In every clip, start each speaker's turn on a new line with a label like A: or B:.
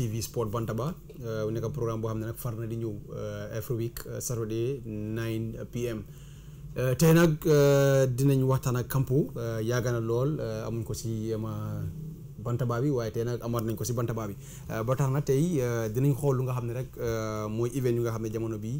A: TV Sport Bantaba mu euh, nekk programme boo xam ne nag far na di ñëw euh, every week euh, Saturday 9 pm tey nag dinañ waxtaan ak Kampo yàgg na lool amuñ ko si ma Bantaba bi waaye tey nag amaat nañ ko si Bantaba bi ba tax na tey dinañ xool lu nga xam ne rek mooy event yu nga xam ne jamono bi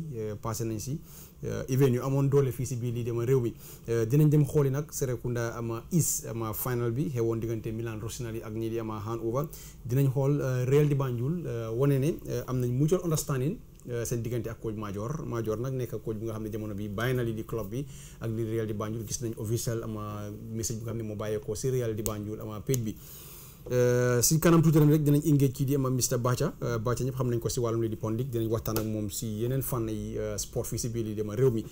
A: passé nañ si. Euh, event yu amoon doole fii si biir lii dama réew mi euh, dinañ dem xooli nag Serekunda ama is ama final bi xewoon diggante Milan Rossoneri ak ñii di ama Hannover dinañ xool euh, Real di Banjul wane ne am nañ mutual understanding seen diggante ak coach Major Major nag nekk coach bi nga xam ne jamono bi bàyyi na li di club bi ak li Real di Banjul gis nañ officiel ama message bi nga xam ne moo bàyyeekoo si Real di Banjul ama page bi Euh, si kanam tuuti rek dinañ engage kii di ma Mr Bacha euh, Bacha ñëpp xam nañ ko si wàllum lii di pon league waxtaan ak moom si yeneen fànn yi euh, sport fii si biir lii di ma réew mi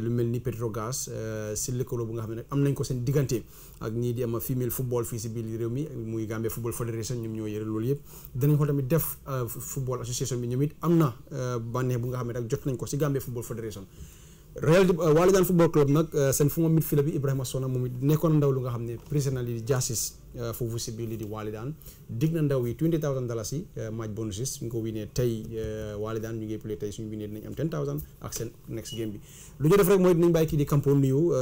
A: lu mel ni Petrogaz si lëkkaloo bu nga xam ne am nañ ko seen diggante ak ñii di ama female football fii si biir réew mi muy Gambia Football Federation ñoom ñoo yëre loolu yëpp dinañ ko tamit def football association bi ñoom it am na bànneex bu nga xam ne rek jot nañ ko si Gambia Football Federation Real Waalidaan football club nag eh, seen fu ma midfielder bi Ibrahima Sona moom it nekkoon ndaw lu nga xam ne président lii di eh, foofu si biir lii di Waalidaan dig ndaw yi twenty yi eh, match bonuses suñ ko winee tey Waalidaan ñu ngi play tey suñu winee dinañ am ten thousand ak seen next game bi lu ñu def rek mooy dinañ bàyyi kii di Kampo nuyu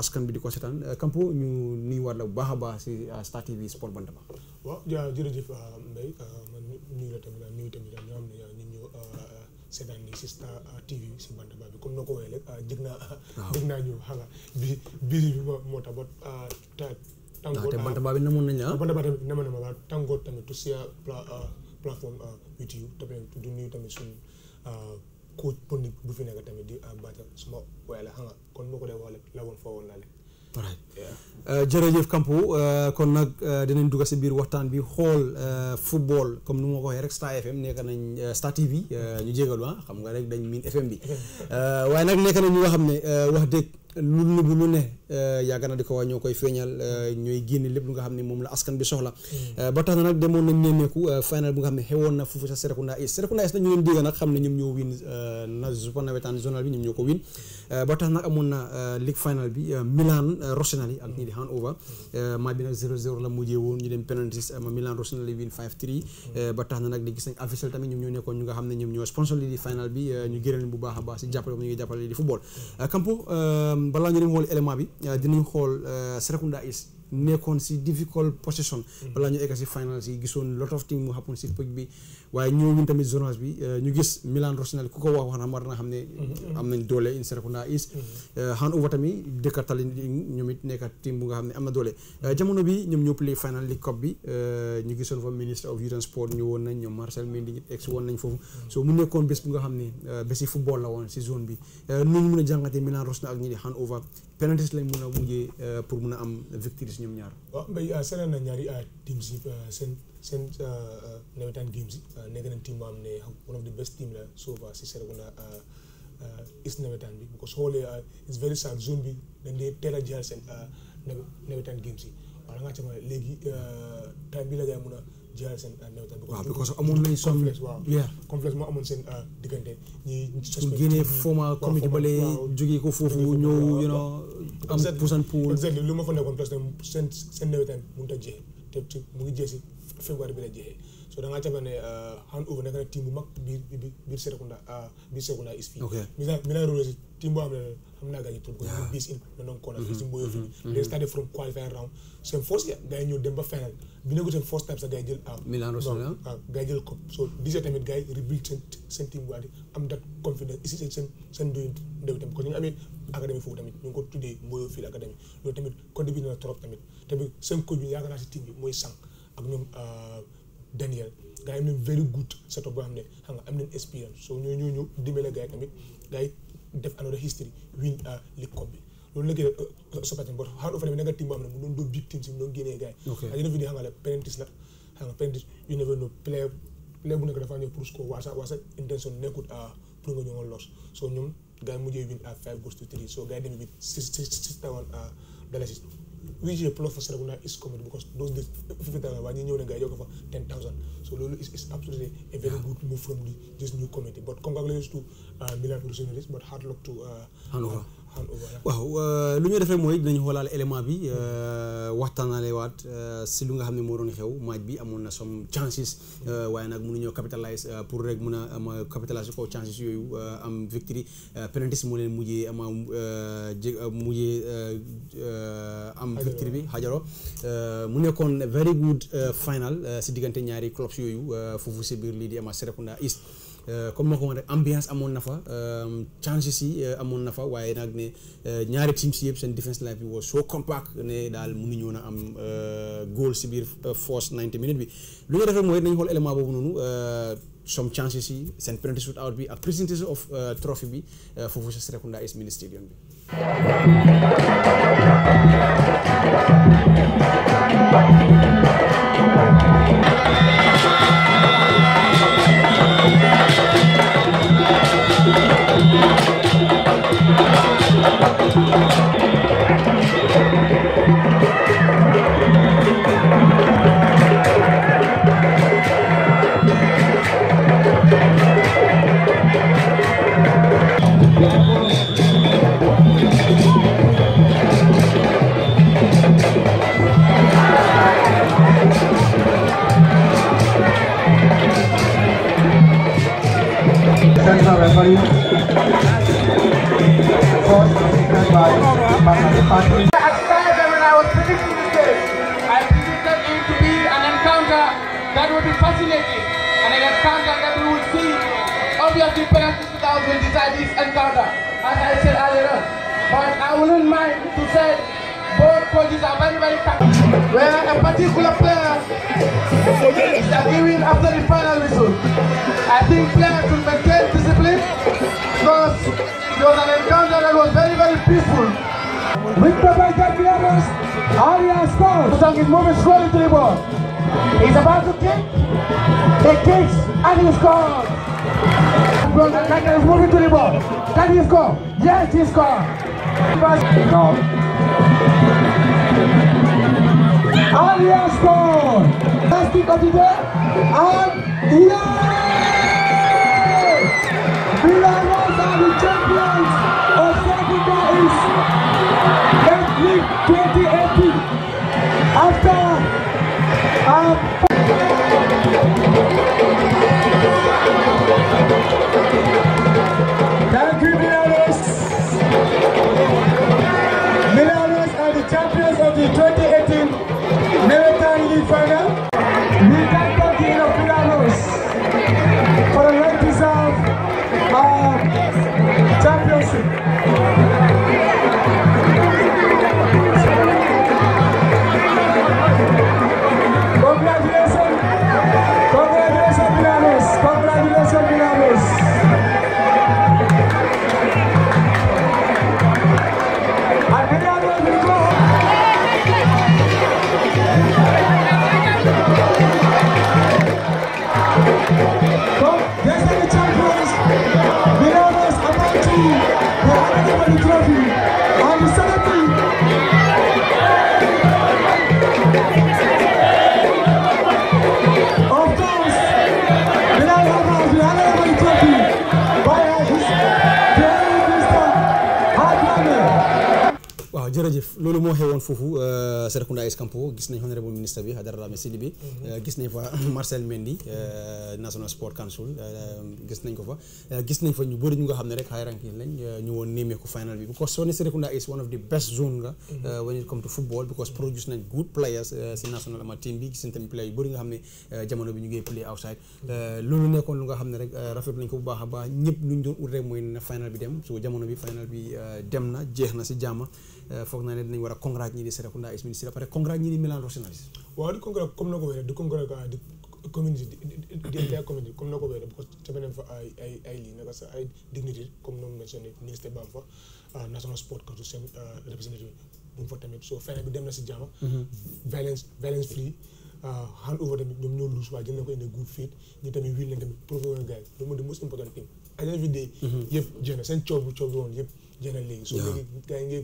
A: askan bi di ko seetaan Kampo ñu nuyuwaat la bu baax a baax si Star TV Sport Bantamba.
B: waaw ah, ah, seetaan ni Sista TV si ah, bantaba bi comme noo ko waxee lépp ah, jig naa jig naa ñu xam nga bi bi bi moo tax ba ah, tàngoor te bantaba bi namoon nañu ah bantaba tamit nama nama waa tàngoor tamit to share platform with tamit du nuyu tamit suñu bu fi nekk tamit di baatal suma waaye la xam kon moo ko dee wax la woon foo woon naa leen
A: Uh, jërëjëf Kampo uh, kon nag uh, dinañ dugg si biir waxtaan bi xool football comme nu ma ko waxee rek Star FM nekk nañ Star TV ñu jégalu ah xam nga rek dañ miin FM bi waaye nag nekk nañ ñi nga xam ne wax dëgg. lu nëbbu lu ne euh, yàgg na di ko waa ñoo koy feeñal euh, ñooy génne lépp lu nga xam ne moom la askan bi soxla hmm. euh, ba tax na nag demoon nañ ne xewoon na foofu bi final bi Milan Rosenali ak ñi di Hanover maa bi nag la mujjee woon ñu dem penalties ma Milan Rosenali win five three ba tax na nag di gis nañ officiel tamit ñoom ñoo nekkoon ñu nga xam ne ñoom ñoo sponsor li final bi ñu gërëm bu baax a baax si jàppale ñu ngi jàppale li di football Kampo Euh, balaa ñu dem xool élément bi euh, dinañ xool euh, Serekunda East nekkoon si difficult position mm. balaa ñu egg si final si gisoon lot of things mu happen si pëj bi waaye ñëwuñ tamit zonage bi euh, ñu gis Milan Rossoneri ku ko wax wax na war na xam ne mhm. am nañ doole in Serekunda East mhm. euh, Hannover tamit dëkka tali ñoom it nekka team bu nga xam ne am na doole euh, jamono bi ñoom ñoo play final league cup bi ñu gisoon fa ministre of youth and woon nañ ñoom Marcel Mendy ñëpp ex nañ foofu mhm. so mu nekkoon bés bu nga xam ne bési football la woon si zone bi nuñ mun a jàngatee Milan Rossoneri ak ñi di Hannover penalties lañ mun a mujjee pour mun a am victoire si ñoom ñaar
B: waaw mbay seneen na ñaari teams seen seen nawetaan games yi Euh, nekk team boo xam ne one of the best team la Sova si Serekunda euh, euh, is nawetaan bi because xoolee it's very sad zone bi dañ dee teel a jeexal seen nawetaan games yi waaw da ngaa ci mën léegi time bi la gaa mën a jeexal seen nawetaan.
A: waaw because
C: amoon nañ som waaw
B: complexe moo amoon seen diggante ñi suñ génnee former comité bale jógee ko foofu ñëw you know
A: am push and pull exactly lu ma
B: fa nekkoon seen seen nawetaan mënut a jeex te mu ngi jeex si bi la jeexee so da ngaa jàpp ne euh, hand over nekk na team bu mag biir biir Serekunda euh, biir Serekunda is fii mi na rôle team boo xam na non mm-hmm. mm-hmm. mm-hmm. yi ñëw dem ba final bi ne ko seen first time sax gars yi jël ah, Milan Rossoneri waaw ah. ah, gars am that confidence ici seen seen doyu ndew tamit parce ko tuddee mboyo fii académie loolu tamit contribué na trop tamit tamit seen coach bi yaakaar naa si team bi mooy sànq ak ñoom euh, Daniel gars yi am nañ very good setup boo xam ne xam nga am nañ expérience so ñoo ñoo ñëw dimbale gars yi tamit gars yi def another history bi loolu la gën a soppati boo xam ne nekk mu doon dóor big xam nga la penalties la xam nga penalties yu never know pour sa waa sa intention nekkut pour nga ñëwoon loss so ñoom gars yi mujjee win à five goals to three so gars yi demee win six six six thousand dalasis UG plus for Serakunda is coming because those days, 50,000, when you know, you 10,000. So Lolo is, is absolutely a very good move from the, this new committee. But congratulations to uh, Milan for but hard luck to uh, Hanover.
A: waaw euh, lu ñu defee mooy dinañu xoolaal élément bi euh, waxtaanale waat euh, si lu nga xam ne moo doon xew maaj bi amoon na some chances waaye nag mënuñoo capitalise pour rek mun a am capitalise ko chances yooyu am victory penalties moo leen mujjee ama jé mujjee am victory bi xajaro mu nekkoon very good final si diggante ñaari clubs yooyu foofu si biir lii di a Serekunda East Euh, comme moo ko woon rek ambiance amoon na fa euh, changes yi euh, amoon na fa waaye nag ne ñaari teams yëpp seen defense line bi was so compact ne daal mënuñu na am goal si biir force 90 minutes bi lu ñu defee mooy nañu xool élément boobu noonu some chances yi seen penalty shoot out bi ak presentation of trophy bi foofu sa Serekunda is mini stadium bi
D: party. As far when I was predicting the case, I predicted it to be an encounter that would be fascinating and an encounter that we would see. Obviously, parents in 2000 will decide this encounter, as I said earlier on. But I wouldn't mind to say both coaches are very, very tactical. Where a particular player is giving after the final whistle. I think players should maintain discipline because there was an encounter that was very, very peaceful. Victor by Gutierrez, Arias down. Tang is moving slowly to the ball. He's about to kick. He kicks and he scores. Kanya is moving to the ball. Can he score? Yes, he scores. No.
E: Arias scores. Last kick of the day. And yes! Milan
A: gis nañ fa Marcel Mendy euh, National Sport Council euh, ko fa euh, gis nañ fa ñu bëri ñu nga xam ne rek high ranking lañ ñu woon néemeeku final bi because Sony Serekunda is one of the best zone nga mhm. when it to football because produce nañ good players si national ama bi gis nañ tamit players yu bëri nga xam ne jamono bi ñu ngi play outside mhm. loolu nekkoon lu nga xam ne rek rafet nañ ko bu baax a baax ñëpp lu doon ut rek mooy na final bi dem so jamono bi final bi dem na jeex na si jàmm a congrats
B: waaw di congrès comme na ko wéyee ah, di congrès ko di community di entire community comme na ko wéyee because sebeneen fa ay ay ay lii naka sa ay dignité comme noonu mentionné ministre bam fa ah, national sport council seen ah, representative bu mu fa tamit so feneen bi dem na si jàmm mhm. violence violence free hand over tamit ñoom ñoo luus waaye jël na ko in a good faith ñu tamit wiil nañ tamit professionnel gars yi loolu mooy the most important thing at the end of the day mhm. yëpp jeex na seen coow bi coow bi woon yëpp jeex na léegi so léegi gars yi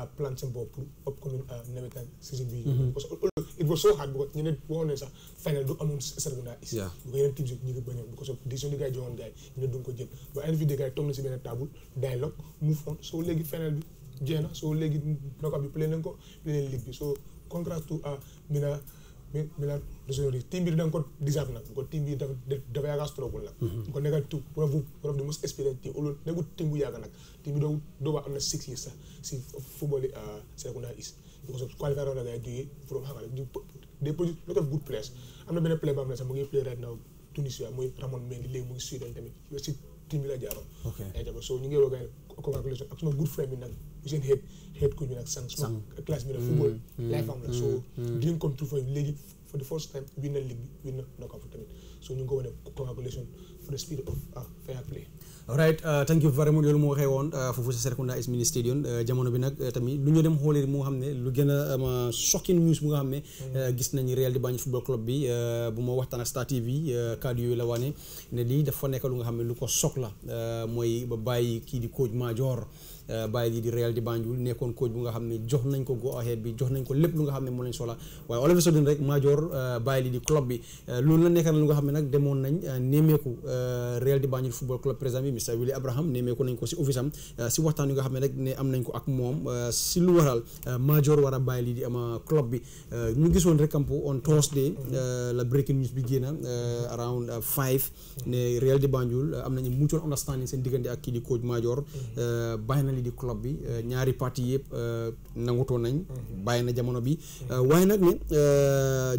B: à plante seen bopp pour upcoming nawetaan saison bi mhm. parce que it was so hard because ñeneen waxoon nañ sax final du amoon Serekunda is bu ko yeneen teams yi ñu ngi bañoon because of ko jël ba final bi jeex na so léegi nokka bi play nañ ko bi so congrats to Mina mila resonori team biri dan ko deserve nak ko team biri dafa yaga struggle nak ko nega tu pour vous pour the most experienced team olu bi do do ba amna 6 years si football uh, secondary is because of qualifier on guy do from hangal they produce lot of ngi play right now Tunisia moy Ramon Mendy legi mo ngi Sweden tamit si team bi la jaaro so ñu ngi rogal congratulations ak good friend bi nak seen xeet san ko wane congratulations for the spirit of ah,
A: uh, moo waxee woon uh, foofu sa Serekunda is mini stadium uh, bi nag tamit lu ñu dem xoolee moo xam ne lu gën a um, shocking news bu nga xam ne hmm. gis nañu Real di Banjul football club bi bu ma waxtaan ak Star TV kàddu yooyu la wane ne lii dafa nekk lu nga xam ne lu ko la mooy ba bàyyi kii di coach Major bàyyi ji di Real di Banjul nekkoon coach bu nga xam ne jox nañ ko go ahead bi jox nañ ko lépp lu nga xam ne moo lañ soxla waaye all of a sudden rek Madior euh, bàyyi di club bi euh, loolu la na lu nga xam ne nag demoon nañ euh, néemeeku Real di Banjul football club président bi Mr Willy Abraham si office am si waxtaan xam ne ne am nañ ko ak moom si lu waral Madior war a bàyyi li di ama club bi ñu gisoon rek am on Thursday la breaking news bi génn around five ne Real di Banjul am nañu mu mutual understanding seen diggante ak kii di coach Madior bàyyi nañ li di club bi euh, ñaari parti yëpp euh, nangutoo nañ mhm. bàyyi na jamono bi euh, waaye nag ne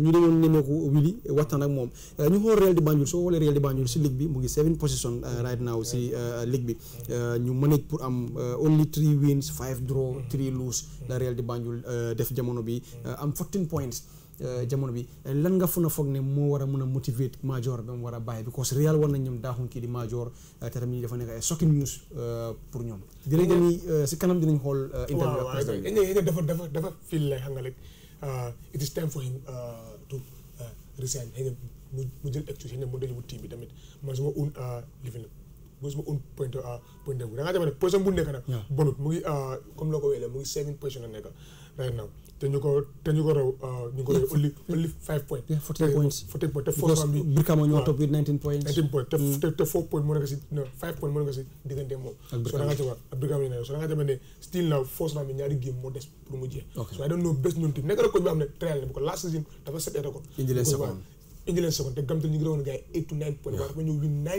A: ñu demoon nemeeku wili waxtaan ak moom ñu xool Real di Banjul soo xoolee Real di Banjul si ligue bi mu ngi seven position right now si mhm. ligue bi mhm. ñu manage pour am only three wins five draw three lose la Real di Banjul def jamono bi am fourteen points Euh, jamono bi lan nga fun na foog ne moo war a mun a motiver major ba mu war a bàyyi because Real war nañ ñoom daaxuñ kii di major euh, te tamit dafa nekk euh, pour ñoom. dinañ dem si kanam dinañ xool. interview ak président bi waaw dafa dafa dafa feel like xam nga rek
B: it is time for him mu jël excuse xëy na mu bi tamit man suma un living la mooy suma un point point de vue bu nekk nag. bonut mu ngi comme loo ko welee mu ngi seven position la nekk te ñu ko te ñu ko raw ah, ñu ko raw nine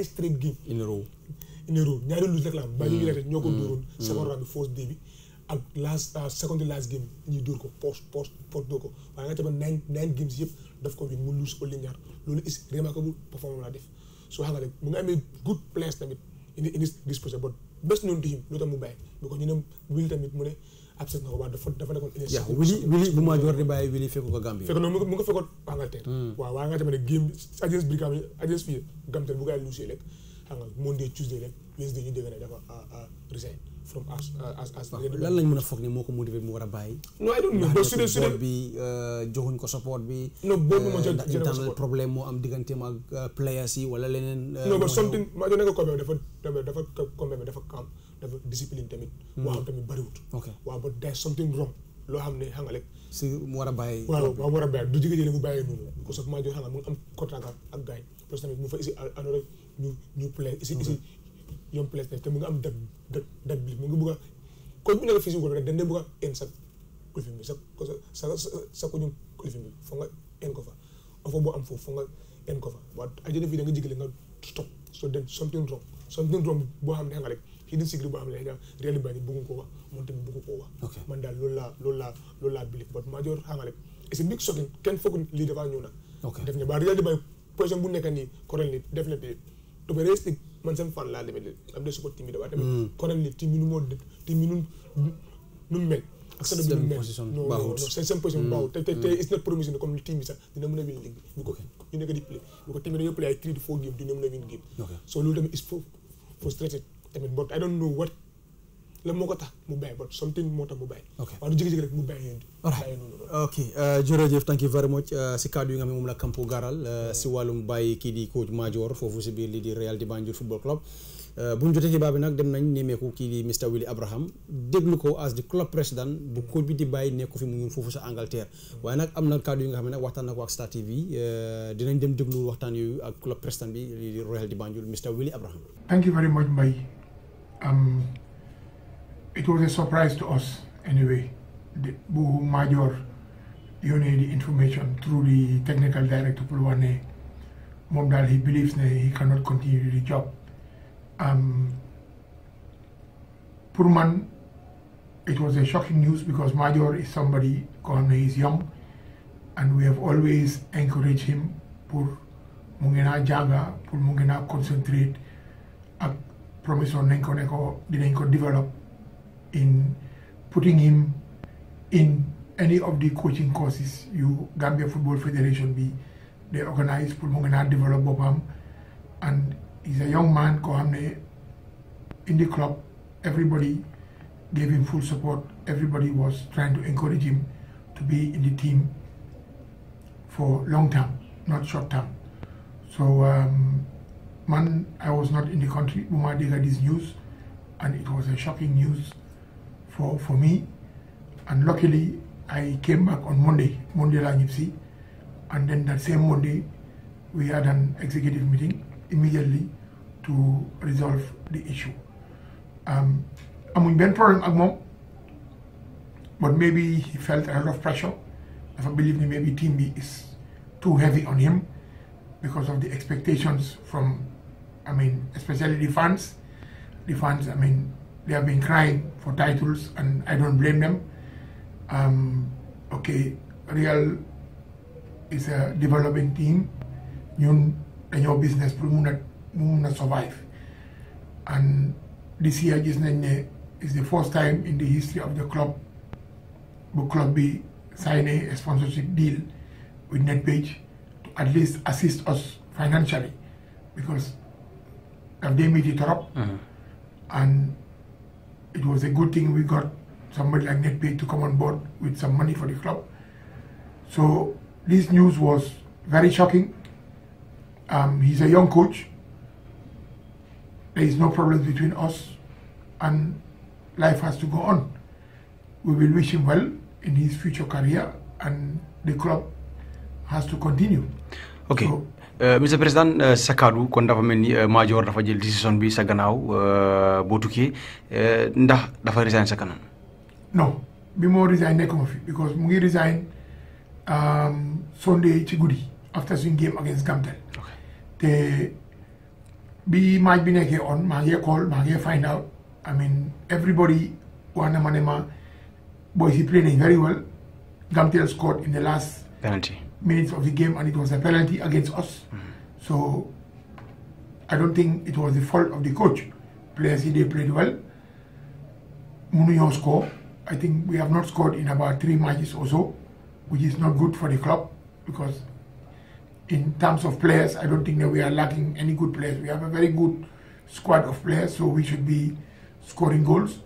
B: straight game. in a row in a row ñaari lose rek la am. baa ñu ngi ñoo ko mm. dóoroon mm. second round bi force bi ak last second last game ñuy dóor ko poche poche poche dóor ko waaye nga tamit nine nine games yëpp daf ko win mu lose au Lingard loolu is remarkable performance la def soo xam mu ngi amee to him loolu tamit mu ñu ne Will tamit mu ne absent na ko waaw dafa dafa nekkoon énergie waaw Willy Willy bu ma joor
A: bàyyi Willy fekk ko Gambie fekk noonu mu ngi fekkoon hmm.
B: waaw waaye nga tamit ne game agence Brikam agence fii Gambie tamit bu ko ay lose rek xam Monday Tuesday rek Wednesday ñu dafa ah, ah, resign from as uh, as as. lan lañ mën a
A: foog ne moo ko motivé mu war a bàyyi. non I don't know ba su dee su dee bi euh, joxuñ ko support bi. non boobu ma jël euh, jërëjëf problème moo ba euh, something ma ne
B: hmm. wrong. loo xam ne xam si mu war a bàyyi. waaw waaw mu war a bàyyi du jigéen ñi bu bàyyee noonu. parce maa jox xam nga mu am contrat ak gars yi parce tamit mu fa isi anore ñu ñu play isi isi ñoom Palestine te mu ngi am dab dab dab bi a kon bu nekk fii sa kulifin bi sa sa ko ñu kulifin bi foo nga en ko fa afo boo am foofu foo nga en ko fa waaw so den boo xam ne xam nga rek xii di sigri boo xam koo wax moom tamit bëggu koo wax man daal kenn foog lii dafaa ñëw na def ne baa réel baa position bu nekk nii korel ni man seen fan laa demee am des support timide waaye tamit koral ni timide moo timide nun nu mel ak seen position baaxut seen position hmm. baaxut te te te hmm. is na promission comme team bi sax dina mën a win ligue bi bu ko ñu nekk di play bu ko team bi dañoo play ay three to four game du ñu mën a win game so loolu tamit is fo frustrated tamit but I don't know what la moo ko tax mu bàyyi but something moo tax mu bàyyi waaw du jékki-jékki rek mu bàyyi yéen
A: euh, thank you very much euh, si kàddu yi nga xam ne moom la Kampo gaaral euh, si wàllum bàyyi kii di coach Madior foofu si biir lii di Real di dem nañ nemmeeku kii di Mr Willie Abraham déglu ko bu mm. coach bi di bàyyi nekku fi mu ngi foofu sa Angleterre mm. waaye nag am na kàddu yi nga xam ne nag waxtaan na ko ak Star TV dinañ dem déglu waxtaan yooyu ak club président bi lii di Real di Banjul Mr Willie Abraham
C: thank you very it was a surprise to us anyway. The, Major you the information through the technical director Pulwane moom daal he believes ne he cannot continue job um, pour man it was a shocking news because Major is somebody koo him pour mu ngi naa concentrate ak promise nañ ko ne dinañ ko develop in putting him in any of the coaching courses yu Gambia Football Federation bi they organize pour mu gën a develop boppam and he's a young man koo xam ne in the club everybody gave him full support everybody was trying to encourage him to be in the team for long term not short term so um, man I was not in the country bu ma news and it was a shocking news for, for me. And luckily, I came back on Monday, Monday Rajipsi. And then that same Monday, we had an executive meeting immediately to resolve the issue. Um, amuñ benn problème ak moom but maybe he felt a lot of pressure dafa believe maybe team is too heavy on him because of the expectations from I mean especially the fans the fans I mean they have been crying for titles, and I don't blame them. Um, Real is a developing team. ñun dañoo business pour mun a mun a survive and this year gis nañ ne is the first time in the history of the club bu club bi sign a sponsorship deal with NetPage to at least assist us financially because daf dee metti torop uh-huh. it was a good thing we got somebody like NetPay to come on board with some money for the club. So this news was very shocking. Um, he's a young coach. There is no problems between us and life has to go on. We will wish him well in his future career and the club has to continue.
A: Okay. So, Euh, monsieur président euh, sa kaddu kon dafa mel ni euh, Madior dafa jël décision bi sa gannaaw boo tukkee ndax dafa resign sa kanam.
C: non bi moo resign nekkuma fi because mu ngi resign Sunday ci guddi after suñ game against Gamtel. te bi match bi nekkee on maa ngi call maa ngi find out I mean everybody wax na ne ma boys yi play very well Gamtel scored in the last penalty. minutes of the game, and it was a penalty against us. So I don't think it was the fault of the coach. Players, they played well. Munuyo score. I think we have not scored in about three matches or which is not good for the club in terms of players, I don't think we are lacking any good players. We have a very good squad of players, so we should be scoring goals.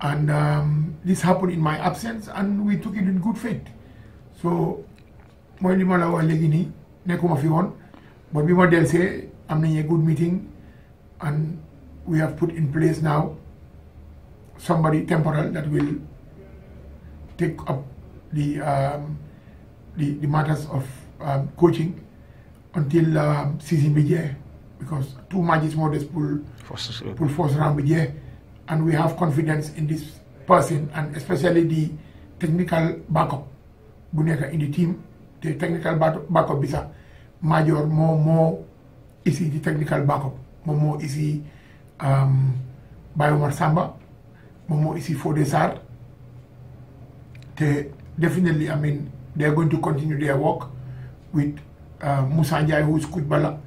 C: And um, this happened in my absence, and we took it in good faith. mooy li ma la wax léegi nii nekkuma fi woon but bi ma delsee am nañu a good meeting and we have put in place now somebody temporal that will take up the um, the, the matters of um, coaching until um, season bi jeex because two matches moo des pour pour first round bi jeex and we have confidence in this person and especially the technical backup bu nekk in the team te technical backup bi sax major moo moo ici di technical backup moom moo ici um, Baye Omar Samba moom moo ici Fodé Sarr te definitely I mean they are going to continue their work with uh, Moussa Ndiaye who's coach Bala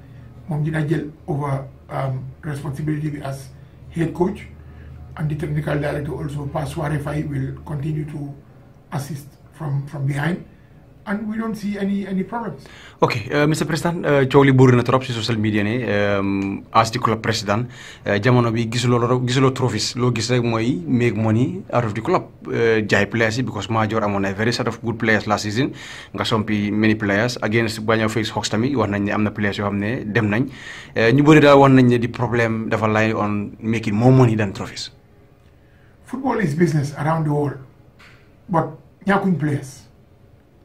C: moom dina jël over um, responsibility bi as head coach and the technical director also Pape Souare will continue to assist from behind. and we don't see any any problems.
A: Okay, uh, bi gisuloo gisuloo trophies loo gis rek mooy make money out of the club jaay players yi because Major amoon na very set of good players last season nga sompi many players against Banyo Felix Hawks wax nañ ne am na players yoo xam ne dem nañ ñu bëri daal wax nañ ne di problème dafa lie on making more money than trophies.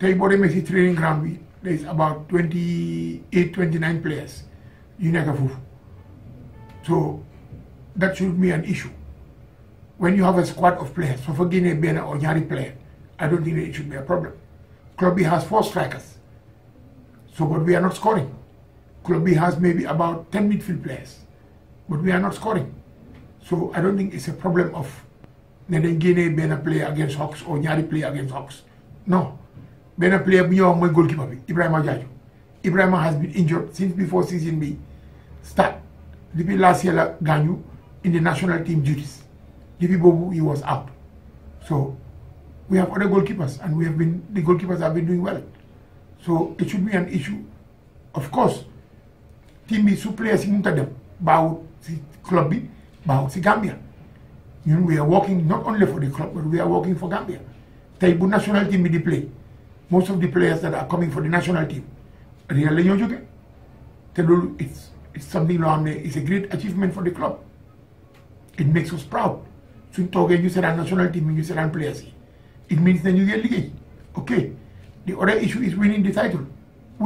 C: tey boo demee si training ground bi there is about twenty eight twenty nine players yu nekk foofu so that should be an issue when you have a squad of players soo fa génnee benn or ñaari player I don't think it should be a problem club bi has four strikers so but we are not scoring club bi has maybe about ten midfield players but we are not scoring so I don't think it's a problem of ne dañ génnee benn player against Hawks or ñaari player against Hawks no benn player bu ñuy goalkeeper bi Ibrahima Diadio Ibrahima has been injured since before season bi start depuis last year la gaañu in the national team duties depuis boobu he was out so we have other goalkeepers and we have been the goalkeepers have been doing well so it should be an issue of course team bi su player si mënut a dem si club bi baawut si Gambia ñun we are working not only for the club but we are working for Gambia tey bu national most of the players that are coming for the national team Real la ñoo jóge te loolu it's it's something loo xam ne it's a great achievement for the club it makes us proud suñ toogee ñu seetaan national team yi ñu seetaan players yi it means ne ñu ngi liggéey ok the other issue is winning the title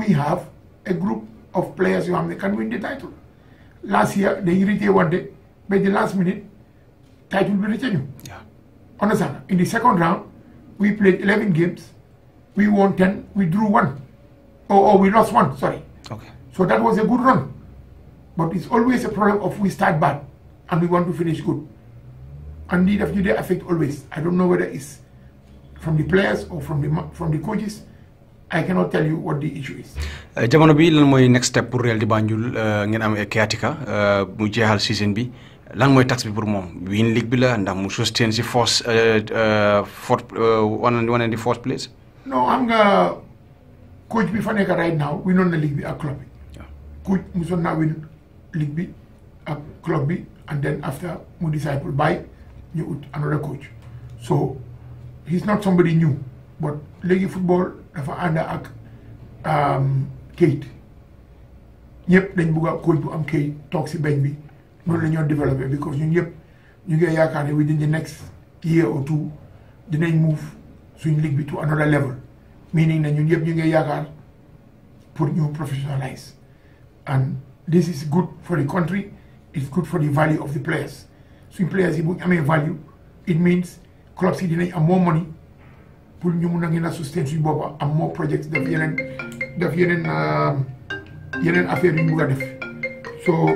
C: we have a group of players yoo xam ne can win the title last year dañu reté wante ba the last minute title bi rëcc ñu understand in the second round we played we won 10, we drew one. Oh, oh, we lost one, sorry. that was a good run. But it's always a problem of we start bad and we want to finish good. And the definitely affect always. I don't know whether it's from the players or from the coaches. I cannot tell you what the issue is.
A: Eh, jamono bi lan mooy next step pour Real di Banjul eh, ngeen e Keatika mu jeexal season bi lan mooy tax bi pour moom win league bi la ndax mu sustain si force fourth one and the fourth place.
C: non xam nga coach bi fa nekk right now noon na ligue bi ak club bi. waaw coach mosoon naa win ligue bi ak club bi and then after mu disciple bàyyi ñu ut another coach so he's not somebody new but léegi football dafa ànd ak um, kayit ñëpp dañ bugg a coach bu am kayit toog si beñ bi noonu la ñoo développé because ñun ñëpp ñu ngi yaakaar ne within the next year or two dinañ move. suñ ligue bi to another level meaning na ñun yëpp ñu ngi yaakaar pour ñu professionalize and this is good for the country it's good for the value of the players suñ players yi bu ñu amee value it means clubs yi dinañ am more money pour ñu mu a ngeen a sustain suñ boppa am more projects def yeneen def yeneen um, yeneen affaire yu ñu bëgg a def so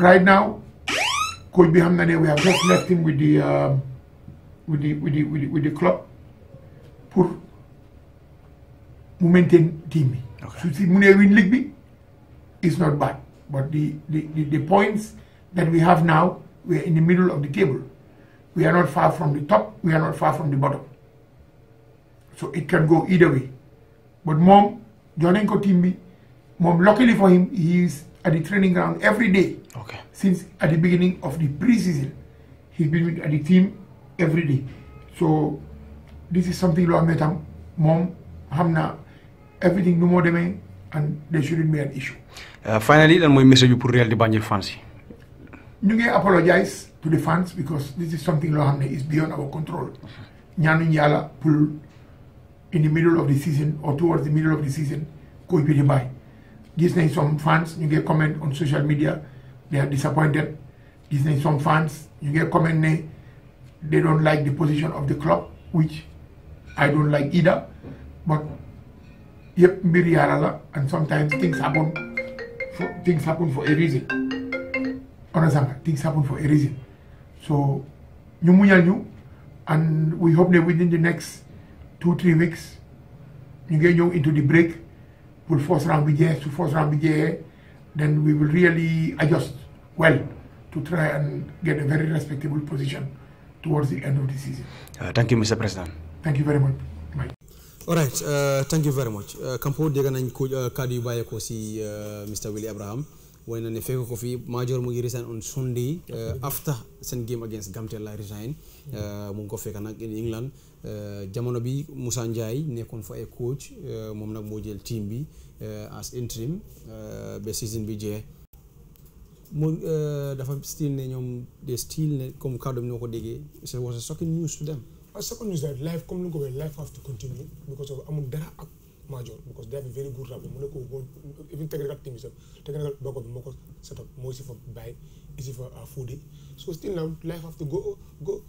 C: right now coach bi xam na ne we have just left with um, with the, club pour mu maintain team bi. ok su si mënee win league bi is not bad but the points that we have now we are in the middle of the table we are not far from the top we are not far from the bottom so it can go either way but moom jox ko team bi moom luckily for him he is at the training ground every day. since at the beginning of the pre-season he's been at the team. every day so this is something loo xam ne tam moom xam na everything nu moo demee and there shouldn't be an issue.
A: Euh, finally lan mooy message bi pour Real di Banjul fans yi.
C: ñu ngi apologize to the fans because this is something loo xam ne is beyond our control. ñu yàlla pour in the middle of the season or towards the middle of the season coach bi di bàyyi gis nañ some fans ñu ngi comment on social media they are disappointed gis nañ some fans ñu ngi comment they don't like the position of the club which I don't like either but yëpp mbir yàlla la and sometimes things happen for things happen for a reason understand things happen for a reason so ñu muñal ñu and we hope that within the next two three weeks ñu ngi ñëw into the break pour first round bi su first round bi jeexee then we will really adjust well to try and get a very respectable position towards the end of the season. Uh, thank you, very much.
A: Mike. All right, uh, thank uh, nañ ko uh, kàddu yu bàyyeekoo si Mr. Willie Abraham waaye na ne fekk ko fi major mu ngi resign on Sunday after seen game against Gamtel la resign mu ngi ko fekk nag in England jamono bi Moussa Ndiaye nekkoon fa ay coach moom nag moo jël team bi as interim ba season bi jeex. mu euh, dafa style ne ñoom de style ne comme kàddu bi ñoo ko déggee c' was a shocking news to them.
B: a shocking news that life comme ni ko waxee life have to continue because of amul dara ak Major because they have a very good rapport mu ne ko woon even technical team bi moo ko set up moo si fa bàyyi isi fa ah, Fodé so still now life have to go go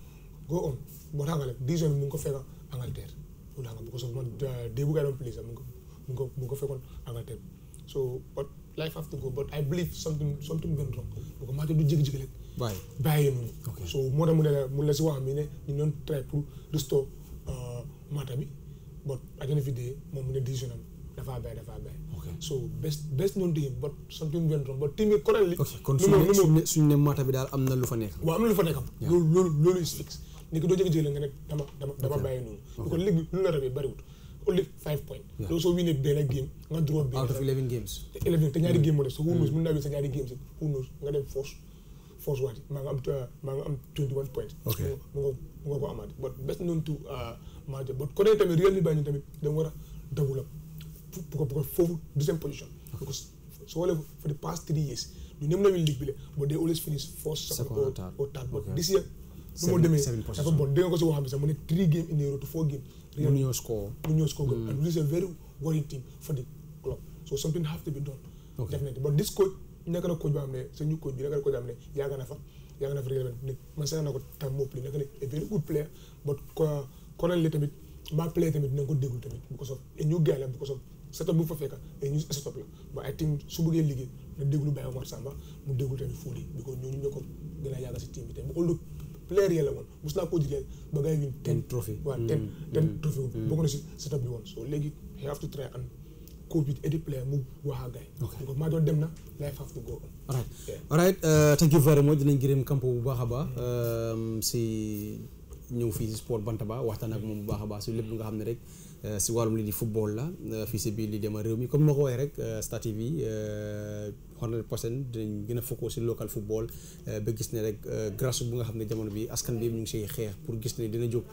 B: go on boo xam ne dix ans mu ngi ko fekk Angleterre loolu xam nga because of man déebu gars yi doon play sax mu ko mu ngi ko mu ngi ko so life have to go but I believe something something went wrong donc maa du jékki-jékki rek. la mu la si wax mi ne ñu doon try pour restore euh, bi but at the moom mu ne décision am dafaa bàyyi dafaa bàyyi. ok so best best known to him but something went wrong but team bi
A: daal am na lu fa nekk.
B: waaw am fa nekk am. loolu loolu loolu is fix ni ko doo jékki-jékki rek nga ne dama bàyyi noonu. ok parce que lu la rëbbee bariwul. only five points. Yeah. Those who win a better game, nga draw better. Ah, te ñaari game mo def. So who knows? Mm. Mun naa win sa ñaari games it. Who knows? Nga dem force force a for the past three years ñu ñoom la win league bon dégg ko si waxam bi sax ne three game in a row to four game. Mourinho score. Mourinho score mm. and mm. nekk na sa new coach bi nekk na coach ko tam moo play nekk na a li tamit bu ko sof et ñu gars bu ko sof setup bu fa fekka et ñu setup la ba ay team su bëggee liggéey na déglu Baye Omar Samba mu déglu tamit Fodé bi ko ñooñu ñoo ko a yàgg si team bi tamit player yee la woon mos naa ko jigéen ba ngay win ten mm. trophy mm. waaw ten ten mm. trophy woon bokk na si setup bi woon so léegi you to try and coach with any player mu wax ak gars maa doon dem na life have to go a
A: alright alright uh, thank you very much dinañ gërëm Kampo bu baax a baax um, si ñëw fii si bant Bantaba waxtaan ak moom bu baax a baax si lépp lu nga xam ne rek Euh, si wàllum lii di football la euh, fii si biir lii dema réew mi comme ma ko waxee rek euh, Star TV dinañ gën a focus si local football ba gis ne rek grâce bu nga xam ne jamono bi askan bi mu ngi siy xeex pour gis ne dina jóg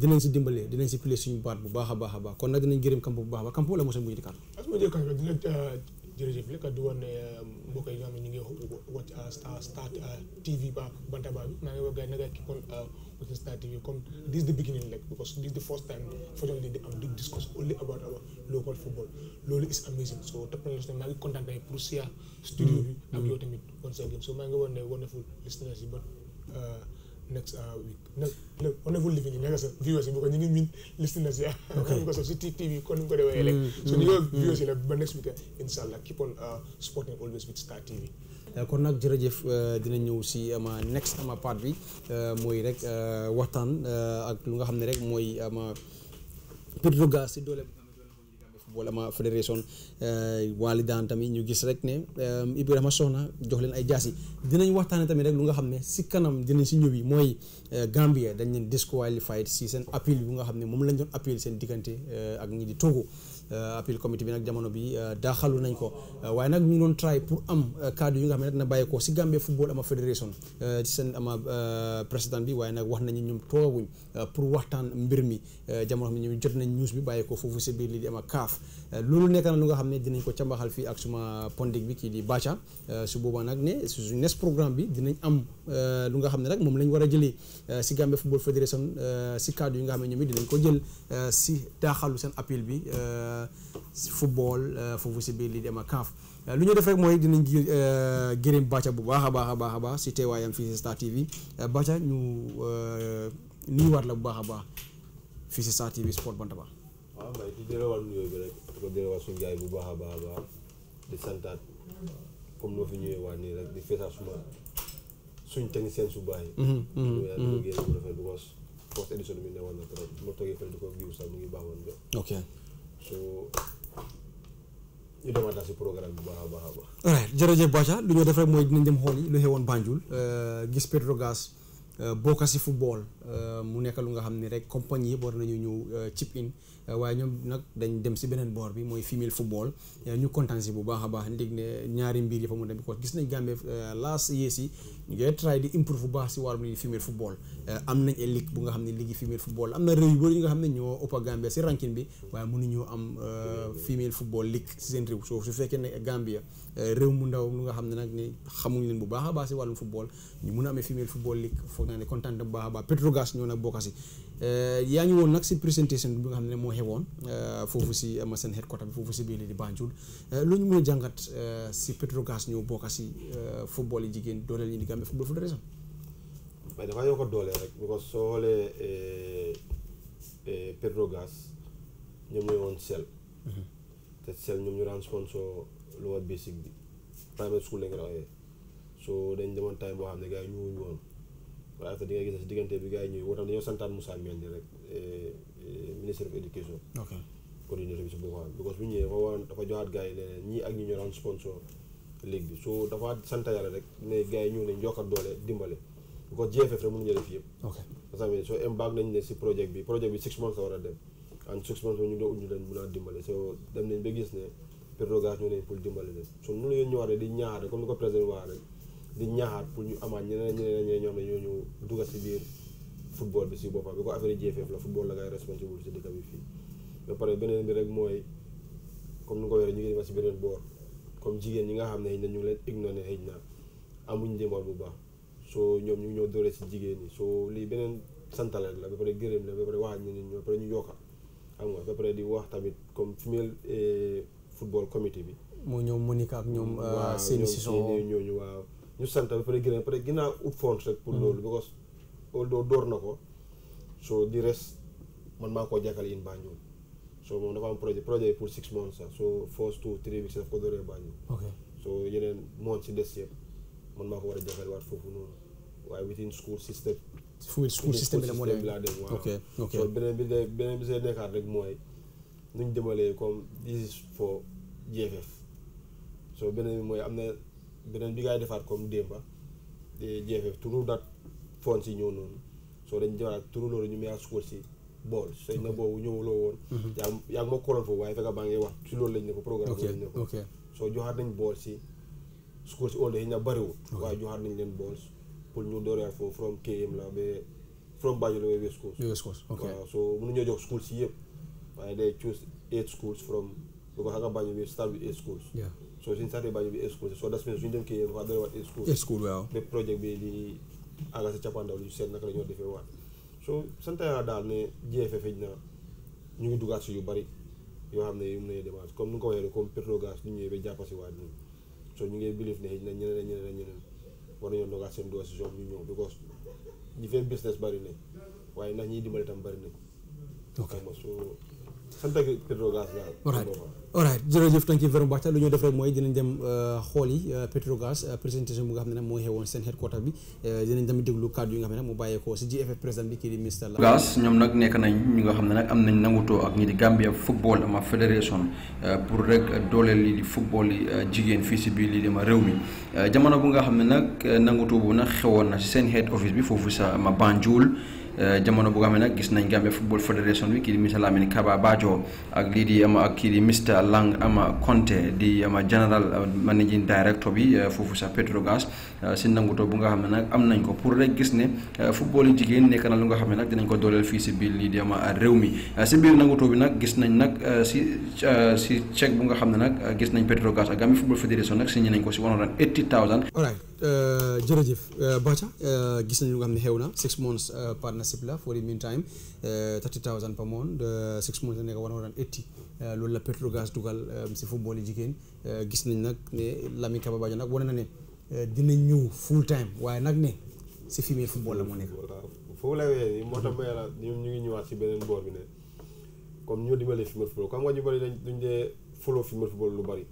A: dinañ si dimbale dinañ si pile suñu baat bu baax a baax a baax kon nag dinañ gërëm kamp bu baax a baax kamp la moseen bu ñu di
B: kàddu jërëjëf li kat di woon ne euh, mbokk yi nga xam ne ñu ngi watch Star TV ba Bantaba bi naa ngi wax gars yi na ngaa keep TV comme this the beginning like because this the first time fortunately di am di discuss only about our local football loolu is amazing so topp na la maa ngi kontaan tey pour Sia studio bi mm-hmm. ak yow tamit kon so maa ngi woon ne wonderful listeners yi but euh, next uh, week. Next, look, wonderful living in Lagos viewers because you mean listeners, yeah. Okay. because of CTV, couldn't go away. Like, so you have mm, mm. viewers, like, but next week, inshallah, keep on uh, supporting always TV.
A: Euh, kon nag jërëjëf euh, dina ñëw si ama next ama part bi euh, mooy rek waxtaan ak lu nga xam ne rek mooy ama pétrogaz si doole walama fédération euh, waalidaan tamit ñu gis rek ne euh, Ibrahima Soxna jox leen ay jaasi dinañ waxtaan tamit rek lu nga xam ne si kanam dinañ si ñëw yi mooy euh, Gambia dañ leen disqualified si seen appel bu nga xam ne moom lañ doon appel seen diggante ak ñi di Togo Euh, appel comité bi nag jamono bi euh, daaxalu nañ ko euh, waaye nag ñu ngi doon try pour am cadre yu nga xam ne dina bàyyi ko si Gambia football ama fédération seen ama président bi waaye nag wax nañu ñoom toogaguñ pour waxtaan mbir mi jamono xam ne ñoom jot nañ news bi bàyyi ko foofu si biir lii di ama kaaf Euh, loolu nekk na lu nga xam ne dinañ ko cambaxal fii ak suma pondik bi kii di Bacha euh, su boobaa nag ne su nes programme bi dinañ am euh, lu nga xam ne rek moom lañ war a jële si Gambia Football Federation si cadre yi nga xam ne ñoom it dinañ ko jël si taaxalu seen appel bi football foofu si biir lii dem ak kaaf lu ñu def rek mooy dinañ gërëm Bacha bu baax a baax a baax a baax si teewaayam fii si Star bacca ñu nuyuwaat la bu baax a baax fii si Star TV Sport Bantaba.
F: waaw Mbaye ko delluwaat suñu jaay bu baax a baax a baax di santaat comme noo fi ñëwee waat nii rek di feesaat suma suñ technicien su baax yi. ñu mm-hmm, mm-hmm, yaa ngi mm-hmm. génn mu rafet bi newoon na trop moo toogee fële di ko giw sax mu ngi baax woon ba. ok so ñu demaat si programme bu
G: baax a baax a baax.
A: alright jërëjëf Bacha lu ñu def rek mooy dinañ dem xool yi lu xewoon Banjul euh, gis Petrogas. Euh, bokka si football euh, mu nekk lu nga xam ni rek compagnie yëpp war nañu euh, waaye ñoom nag dañ dem si beneen boor bi mooy female football ñu kontaan si bu baax a baax ndig ñaari mbir fa mu dem ko gis nañ Gambie last year si ñu bu baax si wàllum ligi female football am nañ ay ligue bu nga xam ne ligue female football am na réew yu bëri ñu nga xam ne ñoo ëpp a Gambie si ranking bi waaye mënuñoo am female football league si seen réew soo su fekkee ne Gambie réew mu ndaw lu nga xam ne nag ni xamuñ leen bu baax baax si wàllum football ñu mun a amee female football league naa ne kontaan bu baax a baax Petrogas ñoo nag bokka si eh, yaa ngi woon nag si présentation bi nga xam ne moo xewoon eh, foofu si ma seen headquarter bi foofu si biir di Banjul eh, lu ñu mën a jàngat si Petrogas ñoo bokka si football yi jigéen dooleel ñi di Gambia Football Federation
F: mais dafa yokk a dooleel soo xoolee Petrogas ñoom ñooy woon sel mhm. te sel ñoom ñu daan sponsor lower basic bi primary school lañ rawee so dañ demoon boo xam ne gars yi woon waaye affaire di nga gis si diggante bi gars yi ñëw woo tam dañoo santaan Moussa Mendy rek eh, eh, ministre of education coordinateur bi si Boko Haram because bu ñëwee dafa joxaat gars yi leneen ñii ak ñi ñoo daan sponsor ligue bi so dafa sant yàlla rek ne gars yi ñëw nañ jokkat doole dimbale because GFF rek mënu ñu def yëpp parce que soo embarqué nañ ne si projet bi projet bi six months la war a dem and six months ñu doon ñu leen mën a dimbale so dem nañ ba gis ne prérogation ñoo pour dimbale leen so di ñaaxaat comme ni ko di ñaaxaat pour ñu amaat ñeneen ñeneen ñeneen ñoo ne ñoo ñu dugal si biir football bi si boppam bi ko affaire GFF la football la ngay responsable si dëkk bi fii. ba pare beneen bi rek mooy comme nu ko yoree ñu ngi dem si beneen boor comme jigéen ñi nga xam ne ñu ngi leen ignoré xëy na amuñ ndimbal bu baax soo ñoom ñu ngi ñoo doole si jigéen ñi soo lii beneen santaleen la ba pare gërëm la ba pare wax ñu ba ñu yokka xam nga ba pare di wax tamit comme female eh, football committee bi. moo ñoom
A: Monica ak ñoom. Euh, seen si
F: ñu sant ba pare gën a pare ginnaaw ut fonds rek. pour mm-hmm. loolu because although door na ko so di rest man maa koo jàkkale in Banjul so moom dafa am projet projet pour six months sax so first two three weeks daf ko dooree Banjul. so yeneen mois si des yëpp man maa ko war a jàkkale waat foofu noonu waaye within school system. school system bi la moo dem laa dem waaw so beneen bi de beneen bi see nekkaat rek mooy nu ñu demalee comme this is for GFF so beneen mooy am na. beneen bi ngay defaat comme démba jeefe turu dat fon si ñëw noonu soo dañ defaat turu loolu ñu mayaa sukóor si bool sëy na boobu ñëwuloo woon mhm. yaa yaa ngi ma baa ngi wax si loolu lañ ko programme lañ soo joxaat nañ bool si sukóor si olde yi na bariwul waaye joxaat nañ leen bool pour ñu dooraat foofu from KM la ba from Banjul la ba West so West Coast waaw soo jox school si yëpp waaye day choose eight schools from because xam nga bi start with eight schools so sin sate baño ɓe eschool so dasmen suñu dem ke fa dara wat eschool eschool project ɓe li aga sa capandaw li seet naka la ñoo defee waat so sant yàlla daal ne jeefe feñ na ñu ngi dugaat si yu bari yoo xam ne yu mu ne démarche comme ni nga ko waxee comme pétrogas ñu ñëwee ba jàppa si waat nii so ñu ngi believe ne xëy na ñeneen ñeneen ñeneen war nañoo dogaat seen doa si soom ñu ñëw because ñi fee business bari ne waaye ndax ñiy dimbale tam bari ne ok so alright
A: alright jërëjëf thank you very much lu ñu def rek mooy dinañ dem euh, xool yi euh, Petrogas euh, présentation bu nga xam ne moo xewoon seen headquarter bi dinañ dem déglu kàddu yi nga xam ne mu bàyyeekoo si GFF président bi kii di ministre la gas ñoom nag nekk nañ ñu nga xam ne nag am nañ nangutoo ak ñi di Gambia football ama fédération pour rek dooleel lii di football yi jigéen fii si biir lii di ma réew mi jamono bu nga xam ne nag nangutoo bu nag xewoon na seen head office bi foofu sa ma Banjul Euh, jamono bu amee xam ne nag gis nañ Gambia Football Federation bi kii di Mr Lamine Kaba Bajo ak lii di ama ak kii di Mr Lang ama Conte di ama general euh, managing director bi euh, foofu sa Petrogas Euh, si nanguto bu nga xam ne nag am nañ ko pour rek gis ne euh, football yi jigéen nekk na lu nga xam ne nag dinañ ko dooleel si biir lii di réew mi euh, si biir nanguto bi nag gis nañ nag si si chèque bu nga xam ne nag gis nañ Petrogas ak Gambia Football Federation nag signé nañ ko si one hundred eighty thousand jërëjëf Bacha gis nañu nga xam xew na six months partnership la for the meantime thirty thousand per month six months la nekk one hundred and eighty loolu la Petrogas dugal si football yi jigéen gis nañ nag ne Lamin Kaba Baja na ne Euh, dinañ ñëw full time waaye nag ni si fi muy football la mu nekk.
F: foofu la weesoo moo tax ma ñu ngi ñëwaat si beneen boor bi ne comme ñoo dimbalee female football comme nga ñu bëri dañ duñ dee follow lu bëri.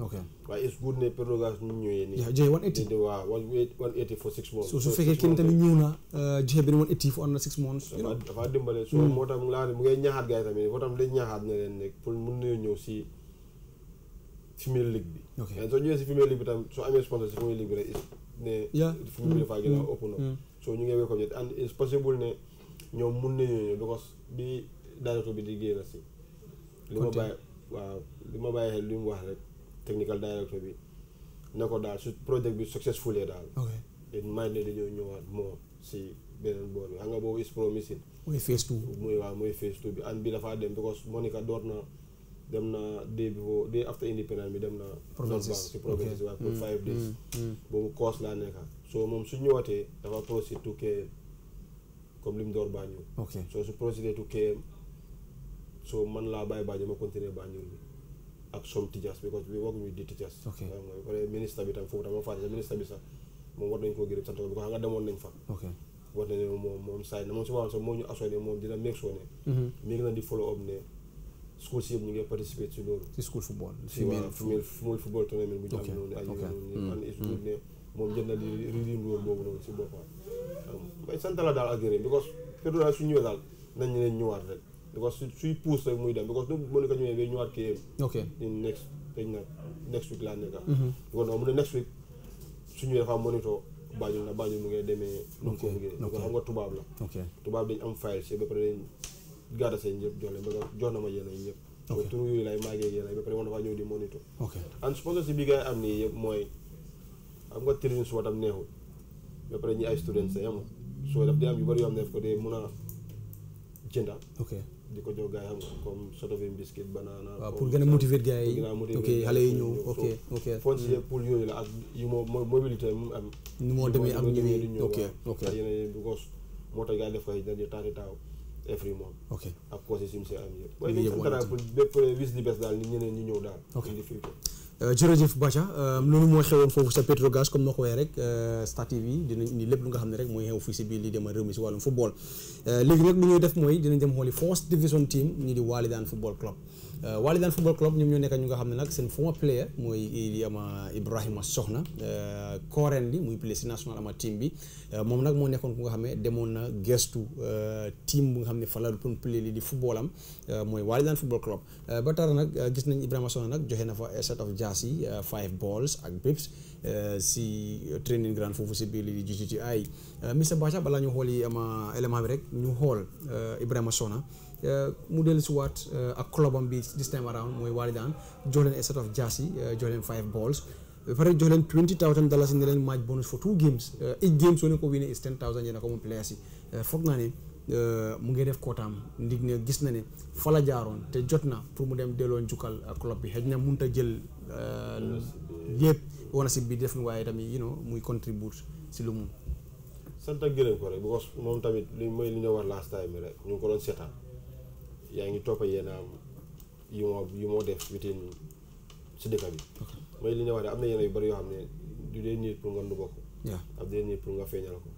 F: waaye it's ne prérogatives ñu ñëwee nii. yaa jëye one eighty waaw one eighty for six months. su fekkee kenn tamit ñëw
A: na euh, jëye benn one eighty for six months. dafa dimbale. so mm. moo
F: tax mu laa ne mu ngay ñaaxaat gars yi tamit foo tam day ñaaxaat ne leen ne pour mun nañoo ñëw si. female league bi. ok soo ñëwee si female league bi tam soo amee sponsor si female league bi dafaa a mm. mm. soo ñu ngi koy wékkoon and it's ne ñoom mun nañoo bi directeur bi di ma bàyyi waaw ma bàyyi li mu wax rek technical directeur bi ne ko su projet bi successful daal. ok it ñëwaat moo si. beneen boor bi xam nga boobu is dem because Monica door na dem na day bi boo day after independence bi dem na provinces si provinces waaye pour five days mm, mm, mm. boobu koos laa nekka soo moom su ñëwatee dafa proceed to KM comme li mu door Banjul soo su proceedee to KM soo man laa bàyyi Banjul ma continuer Banjul bi ak some teachers because we work with the teachers pare ministre bi tam foofu tam ma fàtte ministre bi sax moom war nañ koo gërëm sant ko bi ko xam nga demoon nañ fa war nañ moom moom saay na moom si ma xam sax moo ñu assoné moom dina make sure ne mm-hmm. mi ngi na di follow up ne schools yëpp ñu ngi participer ci loolu. ci school football. ci biir football football football tournament bu ñu am noonu. ay yooyu ne moom jël na li li boobu noonu si boppam. bay sant la daal ak yéen because fédéral su ñëwee daal nañ leen ñëwaat rek because suy pousse rek muy dem because ñoom mënu ko ñëwee ba ñëwaat kii yëpp. ok next dañ na next week laa nekka. kon nag mu ne next week su ñëwee dafa monitor Banjul na Banjul mu ngi demee. ok mu ngi xam nga tubaab la. tubaab dañ gàdda seen ñëpp jox leen ba ma yéen ay ok tur yooyu lay màggee yéen ay ba pare bi nga am nii yëpp mooy am nga training su watam neexul ba pare ñi ay students say amul soo ko dee mun a jënda. ok di ko jox gars yi xam nga comme sort of biscuit banana. waaw pour gën a motiver gars yi ok xale yi ñëw ok ok. fonds yëpp pour yooyu la ak yu moo moo demee am ñëwee ok ok ak yi moo tax gars yi def ko ay dañuy taati taaw every month. ok ak processus si am yëpp. yëpp yëpp waaye dañu sant bépp wis di bes
A: euh, euh, loolu mooy xewoon foofu sa Petrogas comme noo ko waxee rek euh, Star yi lépp lu nga xam ne rek mooy xew fii si biir lii dema réew mi si wàllum football léegi nag li ñuy def mooy dinañ dem xooli first division team ñi di Wallidan football club. Euh, Walidane football club ñoom ñoo nekk ñu nga xam ne nag seen former player mooy li ama Ibrahima Soxna euh, kooreen li muy play si national ama team bi euh, moom nag moo nekkoon ku nga xam ne demoon na gestu team bu nga xam ne fa la doon play li di football am mooy Walidane football club ba tara nag gis nañ Ibrahima Soxna nag joxe na fa set of jersey five balls ak bips si training ground foofu si biir li di GTTI Mr Bacha balaa ñu xool yi ama rek ñu xool Ibrahima Euh, mu dellu si waat euh, ak clubam bi this time around mooy Walidaan jox leen a set of jersey euh, jox leen five balls ba pare jox leen twenty thousand dollars ne leen match bonus for two games eight games soo ne ko winee is ten thousand yéen a ko moom players foog naa ne mu ngi def kootaam ndig ne gis na ne fala la jaaroon te jot na pour mu dem delloo njukkal club bi xëj na mënut a jël lépp si bi def waaye tamit you know muy contribute si lu mu
F: sant ak gërëm ko moom tamit li mooy li ñu war last time rek seetaan yaa ngi topp yenn yu moo yu moo def witin si dëkk bi. mooy li ñu wax de am na yenn yu bari yoo xam ne du dee nit pour nga nu bokk. waaw du dee nit pour nga feeñal ko.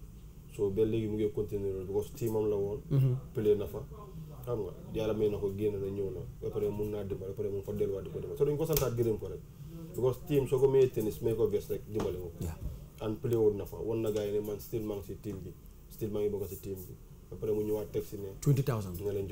F: so ba léegi mu ngi continuer loolu parce que tiimam la woon. Mm-hmm. pëlee fa. xam nga yàlla na ko génn na ñëw na ba pare mun naa dimbali ba pare mun fa ko dimbali so duñ because team soo ko mayee tennis may ko bés rek dimbali ko. an pëlee woon na fa woon na gars yi ne man still maa ngi si team bi still maa ngi bokk si team bi. après mu ñëwaat teg si ne. 20000 nga leen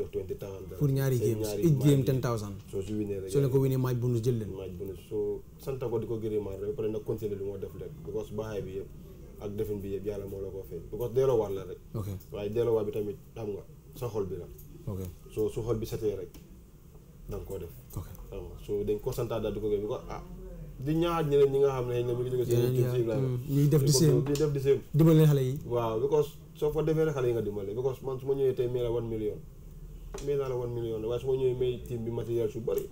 F: da nga koo def. ok dañ ko santaat daal di ko gërëm because ah. di ñaaxaat ñeneen ñi nga xam ne ñu mm, def di seen di seen. dimbali xale yi. waaw because soo ko defee rek xale yi nga dimbale because man su ma ñëwee tey may la one million may naa la one million waaye su ma ñëwee may team bi matériel su bëri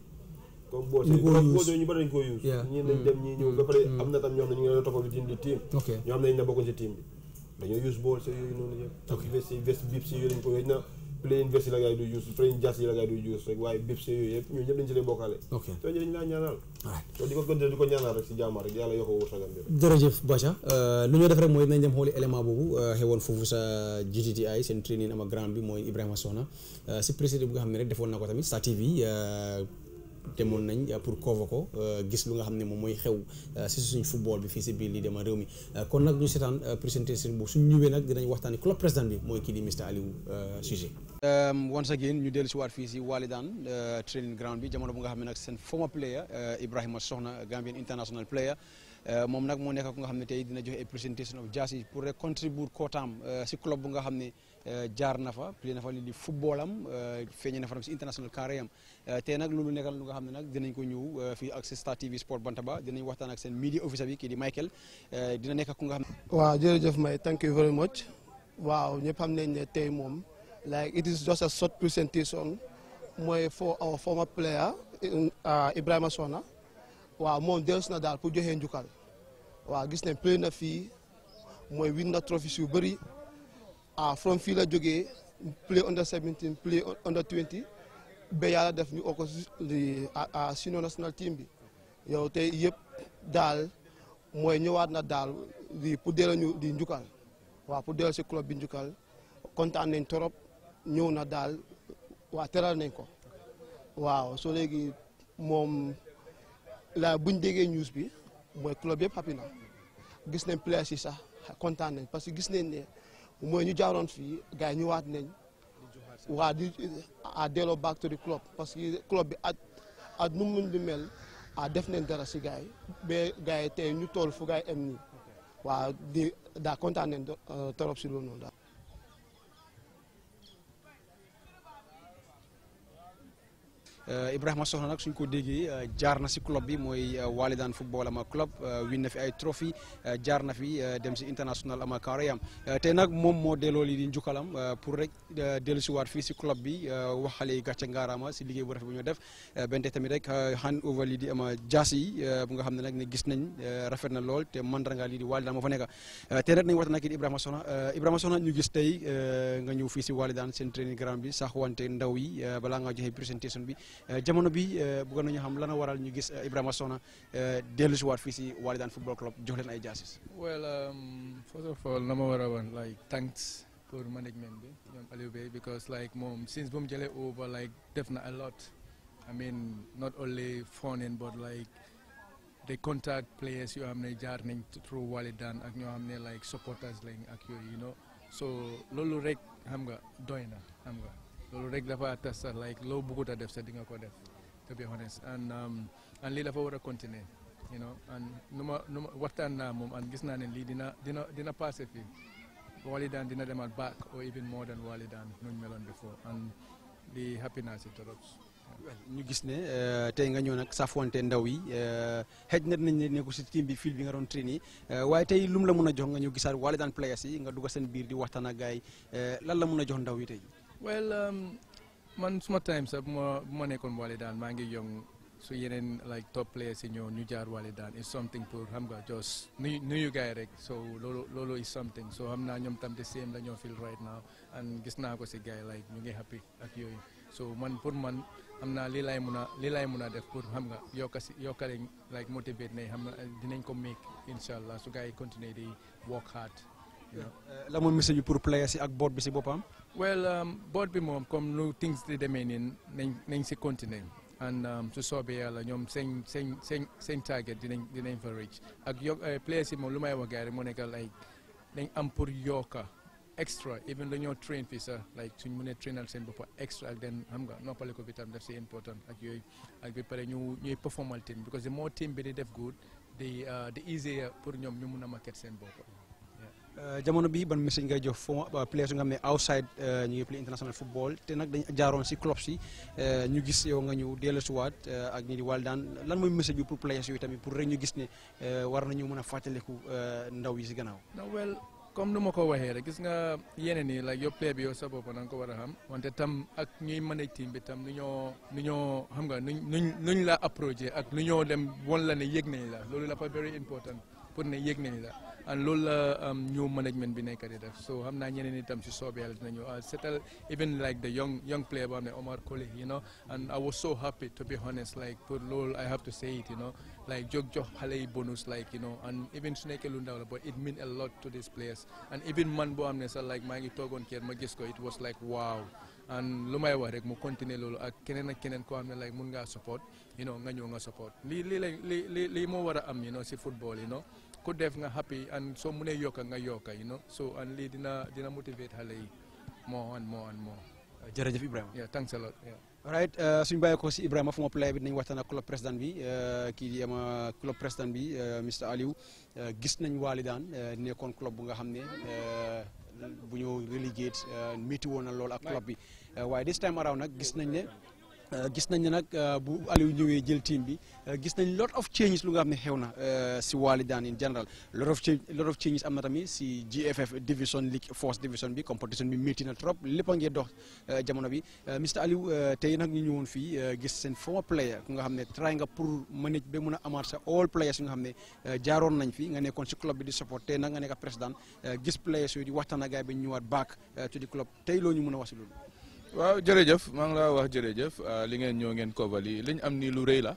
F: comme boose boose ñu bëri use ñii dañ dem ñii ñëw mm. ba pare mm. am na tam ñoo xam ne ñu ngi la bi team team ñoo xam ne ñu na bokkoon si team bi dañoo use boose yooyu noonu yëpp vest vest biib si yooyu lañ ko yooyu na plain verse la gars yi du use plain jazz yi la gars yi du use rek waaye bips yooyu yëpp ñun ñëpp dañu si dee bokkaale soo dañ laa ñaanal di ko di ko ñaanal rek si jàmm rek yàlla yokk wërsagam bi rek
A: jërëjëf Bacha euh, lu ñu def rek mooy nañ dem xooli élément boobu euh, xewoon foofu sa GTTI seen training am grand bi mooy Ibrahima Soxna euh, si président bu nga xam ne rek defoon na ko tamit sa TV te demoon nañ euh, pour convoquer ko euh, gis lu nga xam ne moom mooy xew euh, si suñ football bi fii si biir lii dama réew mi kon nag ñu seetaan présentation boobu suñ ñëwee nag dinañ waxtaani club président bi mooy kii di Mr Alieu Ceesay once again ñu dellu si waat fii si Walidaan training ground bi jamono bu nga xam ne nag seen former player Ibrahima Soxna Gambian international player moom nag moo nekk ku nga xam ne tey dina joxe ay présentation of jaasi pour rek contribuer kootaam si club bu nga xam ne jaar na fa play na fa lii di football am feeñee na fa si international carré am Euh, te nag loolu nekka lu nga xam ne nag dinañ ko ñëw euh, fii ak Star TV Sport Bantaba ñu waxtaan ak seen media officer bi kii di Michael euh, dina nekka ku nga xam ne.
D: waaw jërëjëf May thank you very much waaw ñëpp xam nañ ne tey moom like it is just a short presentation mooy for our former player uh, Ibrahima Sona waaw moom dellusi na daal pour joxe njukkal waaw gis nañ play na fii mooy win na trophies yu bëri ah from fii la jógee play under 17 play under 20. ba yàlla def ñu oko ko à sino national team bi yow tey yëpp daal mooy ñëwaat na daal di pour delloo ñu di njukkal waaw pour dellu si club bi njukal kontaan nañ trop ñëw na daal waa teral nañ ko waaw soo léegi moom la buñ déggee ñuus bi mooy club yëpp happy na gis nañ players si sax kontaan nañ parce que gis nañ ne mooy ñu jaaroon fii gars yi ñëwaat nañ waa di a delloo back to the club parce que club bi at at nu mu di mel a def nañ dara si gars yi ba gars yi tey ñu toll fu gars yi am waaw di daa contaan nañ euh, trop si loolu noonu daal.
A: Euh, Ibrahima Soxna nag suñ ko déggee euh, jaar na si club bi mooy waale euh, Walidaan football ama club win na fi ay trophy jaar na fi dem si international ama kaarayam te nag moom moo delloo lii di njukalam pour rek dellu si waat fii si club bi waxale yi gàcce ngaaraama si liggéey bu rafet bu ñu def bente tamit rek hand over lii di ama jaas yi bu nga xam ne nag ne gis nañ rafet na lool te mandaranga lii di Walidaan moo fa nekk te nag nañ waxtaan ak Ibrahima Soxna Ibrahima Soxna ñu gis tey nga ñëw fii si Walidaan seen training ground bi sax wante ndaw yi balaa nga joxe présentation bi Euh, jamono bi euh, bëggoon nañu xam lana waral ñu gis euh, Ibrahima Sona dellu si waat fii si Walidane football club jox leen ay jaasis.
E: well um, first of all ma war a wan like thanks pour management bi ñoom Aliou Bey moom since bu mu jëlee over like def na a lot I mean not only funding but like. they contact players yoo xam ne jaar nañ through Walidane ak ñoo xam ne like supporters lañ ak yooyu you know so loolu rek xam nga doy na xam nga loolu rek dafa tas sax like loo bëggut def sax di nga ko def to be honest and um, lii dafa war a continuer nu ma nu ma waxtaan naa moom and gis naa ne lii dina dina dina passé daan dina demaat back or even more than Walidaan nuñ meloon before and di happy naa si torop ñu
A: gis ne euh, tey nga ñëw nag saafonte ndaw yi euh, xëj na dinañ ne nekku si team bi fil bi nga doon train yi euh, waaye tey lu mu la mun a jox nga ñëw gisaat Walidaan players yi nga dugg seen biir di waxtaan ak gars yi lan la mun a jox
E: ndaw yi tey well um, man suma time sax bu ma bu ma nekkoon Wally daan maa ngi yong su yeneen like top players yi ñëw ñu jaar Wally daan is something pour xam nga just nuyu nuyu gars rek so loolu loolu is something so xam naa ñoom tam the same la ñoo feel right now and gis naa ko si gars yi like ñu ngi happy ak yooyu so man pour man xam naa lii laay mun a lii laay mun a def pour xam nga yokka si yokkale like motivate ne xam na dinañ ko make incha allah su gars yi continuer di work hard la mooy message
A: bi pour players si ak boot bi si boppam.
E: well um, boot bi moom comme lu things di demee nii nañ nañ si continuer and um, su soobee yàlla ñoom seen seen seen seen target dinañ dinañ fa ak yo eh, players yi moom lu may wax gars yi mu nekk like dañ am pour yokka extra even dañoo train fii sax like suñ mënee trainal seen bopp extra ak den xam nga noppale ko bi tam def si important ak yooyu ak bi pare ñu ñuy performal team because the more team bi di def good the uh, the easier pour ñoom ñu mun a market seen bopp.
A: Euh, jamono bi ban message ngay jox foo euh, players nga xam ne outside euh, ñu ngi play international football te nag dañ jaaroon si club si ñu gis yow nga ñëw dellusiwaat ak ñi di Walidane lan mooy message bi pour yi tamit pour rek ñu gis ne war
E: na ñu mën a fàttaliku ndaw yi si gannaaw. well comme nu ma ko waxee rek gis nga yeneen yi like yow play bi yow sa bopp na ko war a xam wante tam ak ñuy mën a team bi tam nu ñoo nu ñoo xam nga nu nuñ la approché ak nu ñoo dem won la ne yëg nañ la loolu la fa very important pour ne yëg nañ la. loolu la um, new management bi nekk di def so xam naa ñeneen itam si soobee yàlla dinañu uh, seetal even like the young young player boo xam ne Omar Colley you know and I was so happy to be honest like pour loolu I have to say it you know like jóg jox xale yi bonus like you know and even su nekkee lu ndaw la but it mean a lot to these players and even man boo xam ne sax like maa ngi toogoon kër ma gis ko it was like wow and lu may wax rek mu continuer loolu ak keneen ak keneen koo xam ne like mun ngaa support nga ñëw nga support lii lii la lii lii moo war a am you know si football ku def nga happy and soo mënee yokka nga yokka you know so and lii dina dina motivate xale yi more and more and more. jërëjëf Ibrahima. yeah thanks a lot yeah.
A: right uh, suñu bàyyi ko si Ibrahima fu ma play bi dinañ waxtaan ak club président bi uh, kii di ama club président bi uh, Mr Aliou gis nañ Walidaan nekkoon club bu nga xam ne bu ñu relegate métti woon na lool ak club bi waaye this time around nag gis nañ ne. Euh, gis nañ ne nag euh, bu Aliou ñëwee jël team bi euh, gis nañ lot of changes lu nga xam ne xew na si Walidaan in general lot of change lot of changes am na tamit si GFF division league force division bi competition bi métti na trop lépp a ngi dox jamono bi Mr Aliou tey nag ñu ñëwoon fii gis seen former player ku nga xam ne try nga pour manage be mun a amaat sa all players yu nga xam ne jaaroon nañ fi nga nekkoon si club bi di support tey nag nga nekk président gis players yooyu waxtaan ak gars ñëwaat back to the club tey loo ñu mën a wax si loolu.
G: waaw jërëjëf maa nga wax jërëjëf ah, li ngeen ñëw ngeen kovali li ñu am nii lu rëy la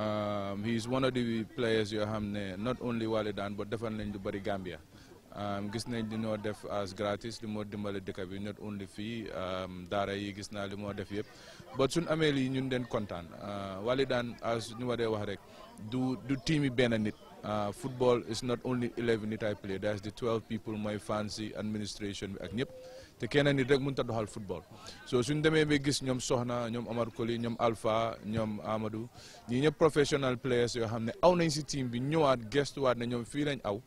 G: um, he is one of the players yoo xam ne not only Wally daan but defal nañ lu bëri Gambia um, gis nañ li ñoo def as gratis li moo dimbale dëkk bi not only fii um, daara yi gis naa li moo def yëpp but suñ amee lii ñun den kontaan ah, Wally daan as ñu waree wax rek du du tiimi benn nit ah, football is not only 11 nit ay play that's the 12 people mooy fans yi administration bi ak ñëpp te kenn nit rek mënut a doxal football so suñ demee ba gis ñoom Soxna ñoom Omar Koli ñoom alfa ñoom amadu ñi ñëpp professional players yoo xam ne aw nañ si team bi ñëwaat gestuwaat ne ñoom fii lañ aw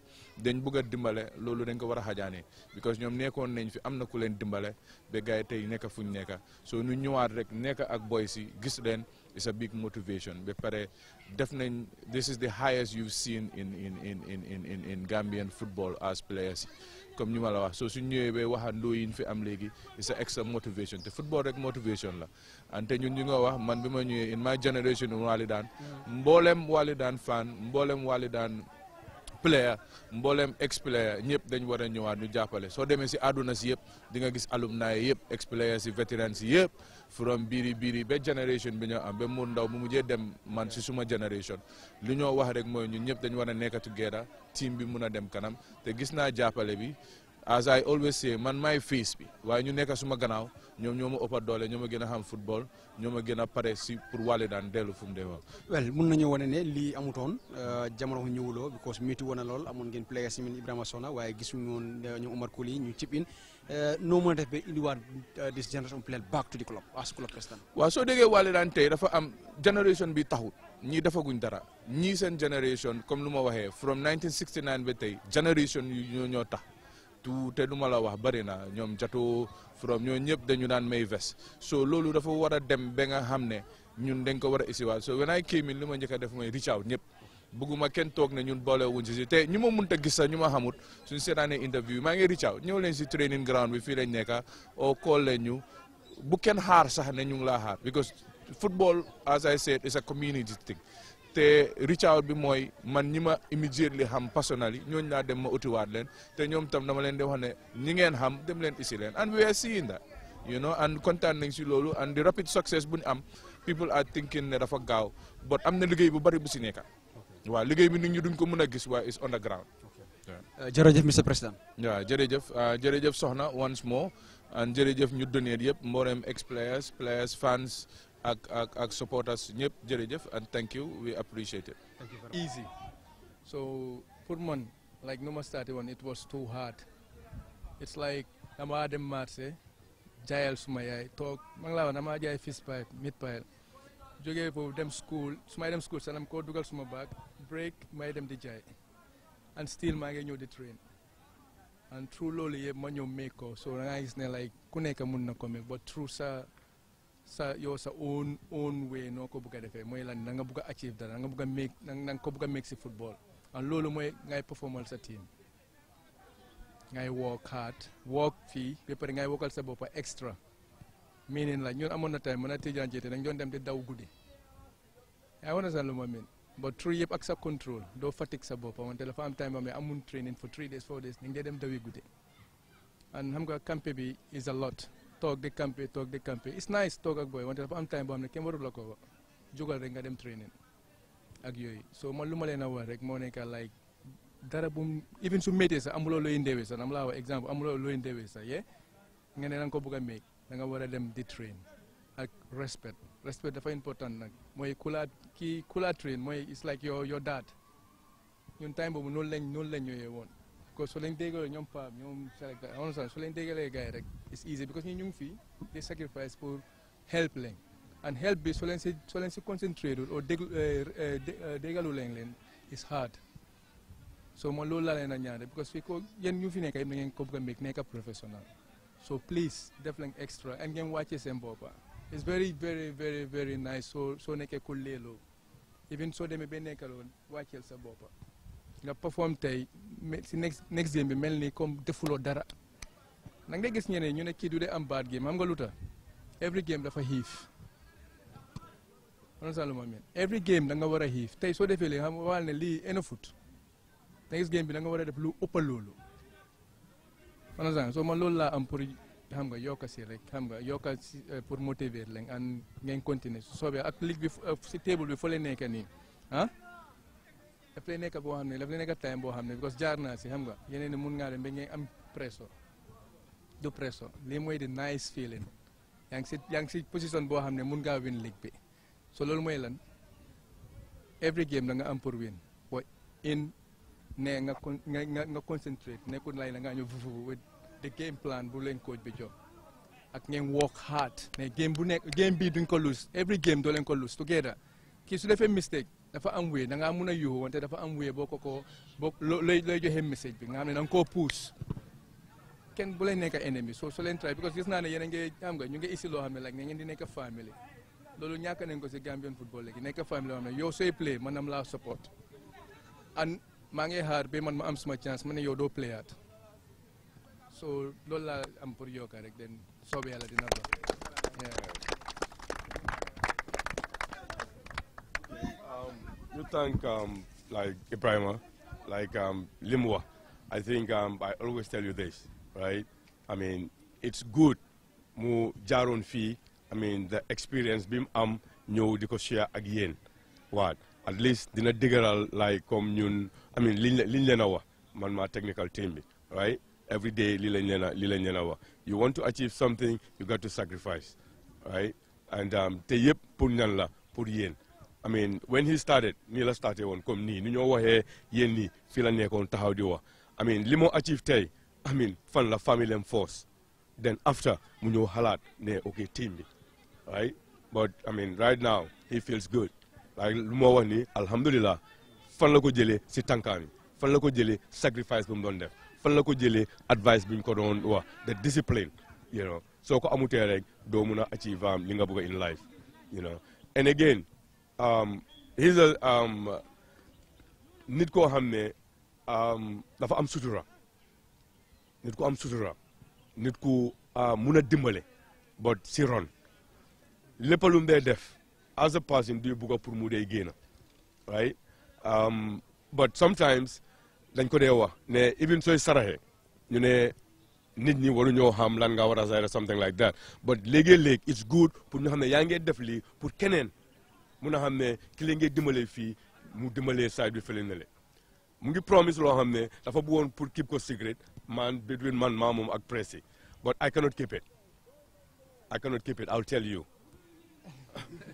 G: dañ bëgg a dimbale loolu dañ ko war a xajaanee because ñoom nekkoon nañ fi am na ku leen dimbale ba gars yi tey nekk fuñ nekk so ñu ñëwaat rek nekk ak boy si gis leen it's a big motivation ba pare def nañ this is the highest you've seen in in in in in in Gambian football as players. comme ñu ma la wax soo suñ ñëwee bay waxandoo yi ñu fi am léegi c'est extra motivation te football rek motivation la ante ñun ñu nga wax man bi ma ñëwee in my generation mbooleem mboolem daan fan mbooleem wali daan player mboolem ex player ñëpp dañ war a ñëwaat ñu jàppale soo demee si àdduna si yëpp di nga gis alumni yëpp ex player si vétérans si yëpp from biri biri ba génération bi ñoo am ba mu ndaw bu mujjee dem man si suma génération li ñoo wax rek mooy ñun ñëpp dañu war a nekk together team bi mun a dem kanam te gis naa jàppale bi as I always say man maay face bi waaye ñu nekk suma gannaaw ñoom ñoo ma ëpp a doole ñoo ma gën a xam football ñoo ma gën a pare si pour wàlle daan dellu fu mu dee waaw.
A: well mun nañu wane ne lii amutoon euh, jamono ñëwuloo because métti woon na lool amoon ngeen players yi Ibrahima Sona waaye gisuñu woon euh, ñoom Omar Colley ñu chip in euh, noo mën a def ba indiwaat this generation player back to the club as club president.
G: waaw soo déggee wàlle daan tey dafa generation bi taxut ñii defaguñ dara ñii seen generation comme lu ma waxee from 1969 tey generation yu ñoo ñoo tout te lu la wax bëri na ñoom jatu from ñoo ñëpp dañu daan may ves so loolu dafa war a dem ba nga xam ne ñun dañ ko war a isiwaat so when I came in li ma njëkk a def mooy reach out ñëpp bëgguma kenn toog ne ñun boole wuñ te ñu ma mënta gis sax ñu ma xamut suñ seetaanee interview maa ngi reach out ñëw leen si training ground bi fii lañ nekka oo call leen ñu bu kenn xaar sax ne ñu ngi laa xaar because football as I said is a community thing te richard bi mooy man ñi ma immediately xam personnel yi ñooñu laa dem ma utiwaat leen te ñoom tam dama leen di wax ne ñi ngeen xam dem leen isi leen and we are seeing that you know and kontaan nañ si loolu and the rapid success bu ñu am people are thinking ne dafa gaaw but am na liggéey bu bari bu si nekka waaw liggéey bi nit ñi duñ ko mën a gis waa is on the ground euh, jërëjëf monsieur président waaw jërëjëf euh, jërëjëf soxna once more and jërëjëf ñu donné yëpp mboolem ex players players fans ak ak ak supporters ñëpp jërëjëf and thank you we appreciate it.
H: Thank
E: man like Numa started when it was dem marché jaayal suma yaay toog man ngi laa wax jaay fist pipe mid pipe jógee foofu dem school su may dem school sax dama koo dugal suma baag break may dem di jaay and still maa ngi ñëw di train and through loolu yëpp ma ñëw make ko so da ngaa gis ku nekk mun na ko mais but through sa sa yow sa own own way noo ko bugg a defee mooy lan na nga bugg a achieve dara na nga bugg a make na ko bugg a make si football an loolu mooy ngay performal sa team ngay work hard work fii ba pare ngay wokal sa boppa extra meaning la ñun amoon na time mën a tijaan jeete dañ doon dem di daw guddi yaa wana san lu ma min ba true yëpp ak sa contrôle doo fatigue sa boppa wante dafa am time ba mais amun training for three days four days ni ngi dee dem dawee guddi and xam nga campé bi is toog di campé toog di campé it's nice toog ak booy wante dafa am time boo xam ne kenn warul la ko jógal rek nga dem training ak yooyu soo man lu ma leen a wax rek moo nekk like dara bu even su méttee sax amuloo looy ndewee sax nam laa wax exemple amuloo looy ndewee sax yee nga ne ko bëgg a meeg da nga war a dem di train ak respect respect dafa important nag mooy kula kii kula train mooy it's like your your dad ñun time boobu noonu lañ noonu lañ ñëwee woon because so leen déggalee ñoom Pape ñoom Sénégal understand so leen déggalee gars yi rek it's easy ñu ngi fii di sacrifice pour help leen and help bi so leen si so leen si concentré wul or déglu eh, eh, eh, déggalu leen leen it's hard so man loolu laa leen a ñaan rek because fii ko ñu fi nekk yëpp na ngeen ko bëgg a make nekk professional so please def leen extra and ngeen wàcce seen boppa it's very soo soo nekkee ku leeloo even soo demee ba nekkaloon wàcceel sa boppa nga perform tey si next next game bi mel ni comme defuloo dara nag ngay gis ñeneen ñu ne kii du dee am bad game xam nga lu every game dafa xiif on saluma men every game da nga war a xiif tey soo defee léegi xam nga waal lii eno foot bi da nga war a def lu ëpp loolu on laa am pour xam nga yokka si rek xam nga yokka si eh, pour motiver leen an ngeen continuer su soobee ak ligue bi eh, si table bi fa la nekkee nii ah daf lay nekk boo xam ne daf lay nekk time boo xam ne because jaar naa si xam nga yeneen mun ngaa dem ba ngeen am presso du presso lii mooy di nice feeling yaa ngi si yaa ngi si position boo xam ne mun ngaa win league bi so loolu mooy lan every game da nga am pour win wa in ne nga nga nga concentrate nekkul lay la ngaa ñëw fufu the game plan bu leen coach bi jox ak ngeen work hard mais game bu nekk game bii duñ ko lose every game doo leen ko lose together kii su defee mistake dafa am wéy da ngaa mun a yuuxu wante dafa am wéy boo ko ko boo looy looy joxe message bi nga xam ne da koo puus kenn bu leen nekk ennemi soo soo leen try because gis naa ne yéen a ñu ngi isi loo xam ne like ne ngeen di nekk family loolu ñàkk ko si Gambian football léegi nekk family loo xam ne yow sooy play man am laa an maa ngi xaar ba man ma am suma chance ma ne yow doo playaat so loolu laa am pour yokka rek den soobee yàlla dina baax
H: to thank um, Ibrahima, like um, Limwa. I think um, I always tell you this, I mean, it's good mu jaaroon fii I the experience bi mu am ñëw di ko share ak yéen waat at least dina dëgëral like comme ñun I mean liñ liñ leen a wax man maa technical team bi right every day li lañ leen a li lañ a wax you want to achieve something you got to sacrifice and um, te yëpp pour ñan la pour yéen I mean when he started nii la starté woon comme nii ni ñoo waxee yéen nii fii la nekkoon taxaw di wax I mean li mu achieve tey I mean fan la famille am force then after mu ñëw xalaat ne ok team bi right but I mean right now he feels good like lu moo wax nii alhamdulilah fan la ko jëlee si tànkaam yi fan la ko jëlee sacrifice bu mu doon def fan la ko jëlee advice bi ñu ko doon wax the discipline soo ko amutee rek doo mun a achieve am li nga bëgg in life you know and again Um, a um, nit koo xam ne um, dafa am sutura nit ku am sutura nit ku uh, mun a dimbale but si ron lépp lu mu def as a person du bugg pour mu dee génn right but sometimes dañ ko dee wax ne even sooy saraxe ñu ne nit ñi waruñoo xam lan nga war a sayra something like that but léegi-léeg it's good pour ñu xam ne yaa ngee def lii pour keneen mun a xam ne ki la ngay dimbalee fii mu dimbalee saay bi fële na le mu ngi promise loo xam ne dafa bëggoon pour keep ko secret man between man maa moom ak presse yi but I cannot keep it I cannot tell you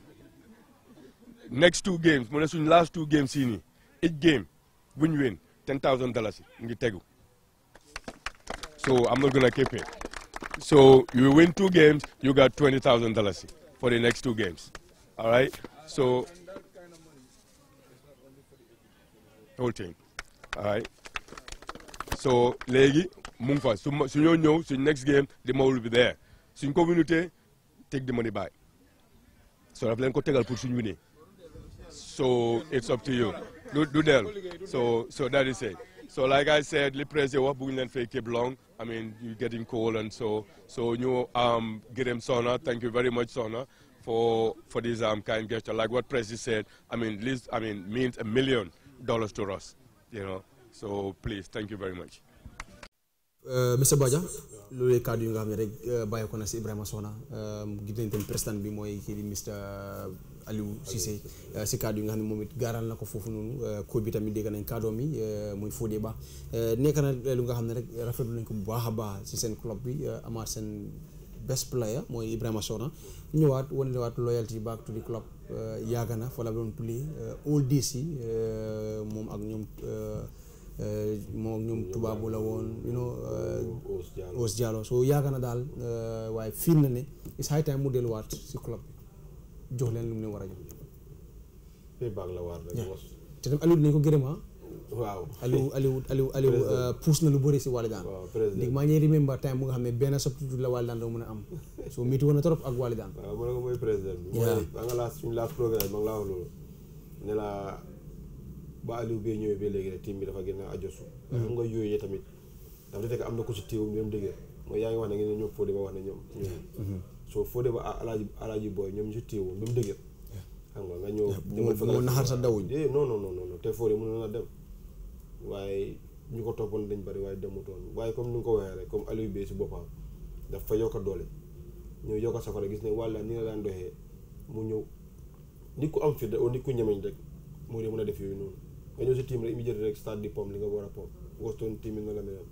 H: next two games mu ne suñ last two games yii nii each game bu ñu win ten thousand dollars mu ngi tegu so I'm not gonna keep it so you win two games you got twenty thousand dollars for the next two games. All right. So whole thing. All right. So léegi mu ngi fa su ñëw suñ next game the money will be there suñ communauté take the money back so daf leen ko tegal pour suñ winee so it's up to you du du so so that is it so like I said li président wax bëgg leen fay keep long I mean you getting cold and so so ñu um, gërëm Sona thank you very much Sona. for for this um, kind gesture. Like what President said, I mean, least, I mean, means a million dollars to
A: euh, loolu kàddu yi nga xam ne rek euh, bàyyi ko na si Ibrahima Sona euh, gis nañ tamit président bi mooy kii di mister Aliou Cissé si kàddu yi nga xam ne moom it gaaral na ko foofu noonu ko bi tamit dégg nañ kàddoom mi muy Fodé Ba nekk na lu nga xam ne rek rafetlu nañ ko bu baax a baax si seen club bi amaat seen. best player mooy Ibrahima Sona ñëwaat wanelewaat loyalty back to the club euh, yàgg na fa la doon play euh, all this euh, yi moom ak ñoom moom ak ñoom tubaabu la woon you know Ous so yàgg na daal waaye fiir na ne it's high time mu delluwaat si club jox leen lu mu leen war a jox te dem Aliou dinañ ko gërëma ah.
F: waaw Aliou Aliou Aliou Aliou euh,
A: pousse na lu bëri si Wally Dann dig maa ngi remember time nga xam ne benn substitut la Wally Dann doo am so métti na trop ak Wally Dann waaw
F: mën nga mooy président bi ba nga laa suñu la ba Aliou bee ñëwee ba léegi bi dafa gën a ajosu mm-hmm. xam nga yooyee tamit daf di fekk na ko si téewum ñoom dëgg mooy yaa ngi wax ne ngeen ñoom Fodé ba wax ne ñoom mm-hmm. so Fodé ba ah, alaaji booy ñoom ñu si téewum ba mu nga nga ñëw demal fa naxar sa dawuñ eh, non non non te Fodé mën na dem waaye ñu ko toppoon dañ bari waaye demutoon waaye comme ni nga ko waxee rek comme Aliou Bey si boppam daf fa yokk doole ñëw yokk safara gis ne walla ni la daan doxee mu ñëw nit ku am fit rek oo nit ku ñemeñ rek moo dee mën a def yooyu noonu nga ñëw si team rek immédiat rek start di li nga war a pom Boston team bi noonu la meloon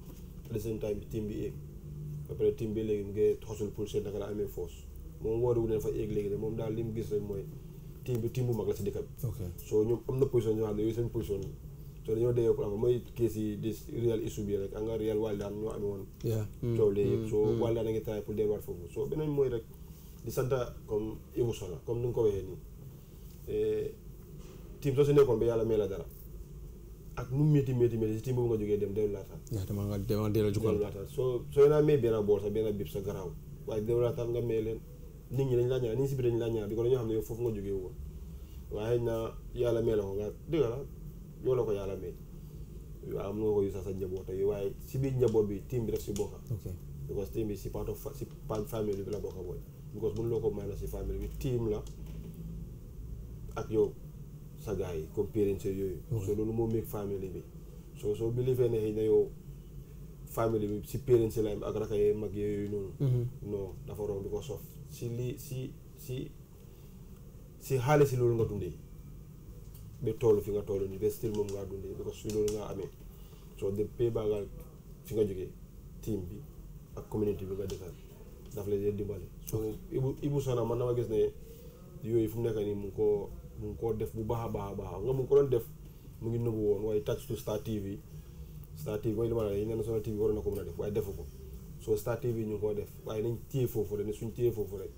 F: at the same time bi éeg bi léegi mu ngi xosul pour seen naka la amee force moom wooru wu ne dafa éeg léegi de moom daal li mu gis rek mooy team bi team bu mag la si dëkk bi soo ñoom am na position yooyu seen position so dañoo dee ko am mooy case yi di real issue bi rek anga real waldaan ñoo amee woon mm. coow lee yëpp mm. mm. a ngi try pour delluwaat foofu mooy rek di santa comme Ibou Sola comme ni nga ko waxee nii eh, team soo si nekkoon ba yàlla dara ak nu métti métti métti si team boobu nga jógee dem dellu
A: laataan dellu
F: laataan soo soo naa may benn bool sa benn bib sa garaaw waaye dellu leen nit ñi dañ laa ñaar nit ñi si biir dañ laa ñaar bi ko dañoo xam ne foofu nga jógee woon waaye na yàlla may la ko nga dëgg la yow la ko yàlla may yow am nga ko yu sax sa njaboot yi waaye si biir njaboot bi team bi daf si bokka because team bi si part of si famille bi la bokka booy because mën si famille bi team loolu bi soo soo bilifee ne xëy na yow famille bi si parents la ak raka yee mag yooyu noonu mhm. dafa room bi ko sof si lii si si si xaalis si loolu nga dundee ba toll fi nga toll nii ba still moom ngaa dundee parce que su loolu ngaa amee soo de pay baa fi nga jógee team bi ak communauté bi nga defal daf la dee dimbale. so Ibu Ibu Sana man dama gis ne yooyu fu mu nekk nii mu ngi koo mu ngi koo def bu baax a baax a baax nga mu ngi ko doon def mu ngi nëbbu woon waaye Touch to Star TV Star TV mooy li ma la ne National na ko mën a def waaye defu ko soo Star TV ñu ngi koo def waaye nañ téye foofu rek ne suñ téye foofu rek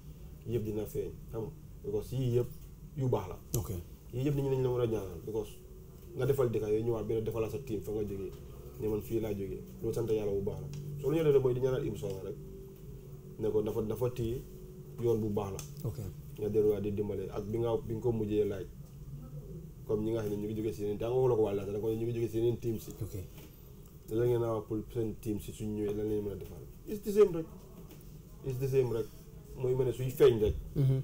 F: yëpp dina feeñ xam nga parce yëpp yu baax la. yii yëpp nit ñi lañ la war a ñaanal because nga defal dëkk yooyu ñëwaat benn defalal sa team fa nga jógee ne man fii laa jógee loolu sant yàlla bu baax la soo lu ñu defee di ñaanal Ibou Sona rek ne ko dafa dafa téye yoon bu baax la. ok nga delluwaat di dimbale ak bi nga bi nga ko mujjee laaj comme ñi nga xam ne ñu ngi jógee si yeneen daa nga waxu la ko waa laaj da ko ñu ngi si yeneen team si. ok la ngeen a wax pour seen team si suñ ñëwee la lañ mën a defal it's the same rek mooy ma ne suy feeñ rek. Mhm.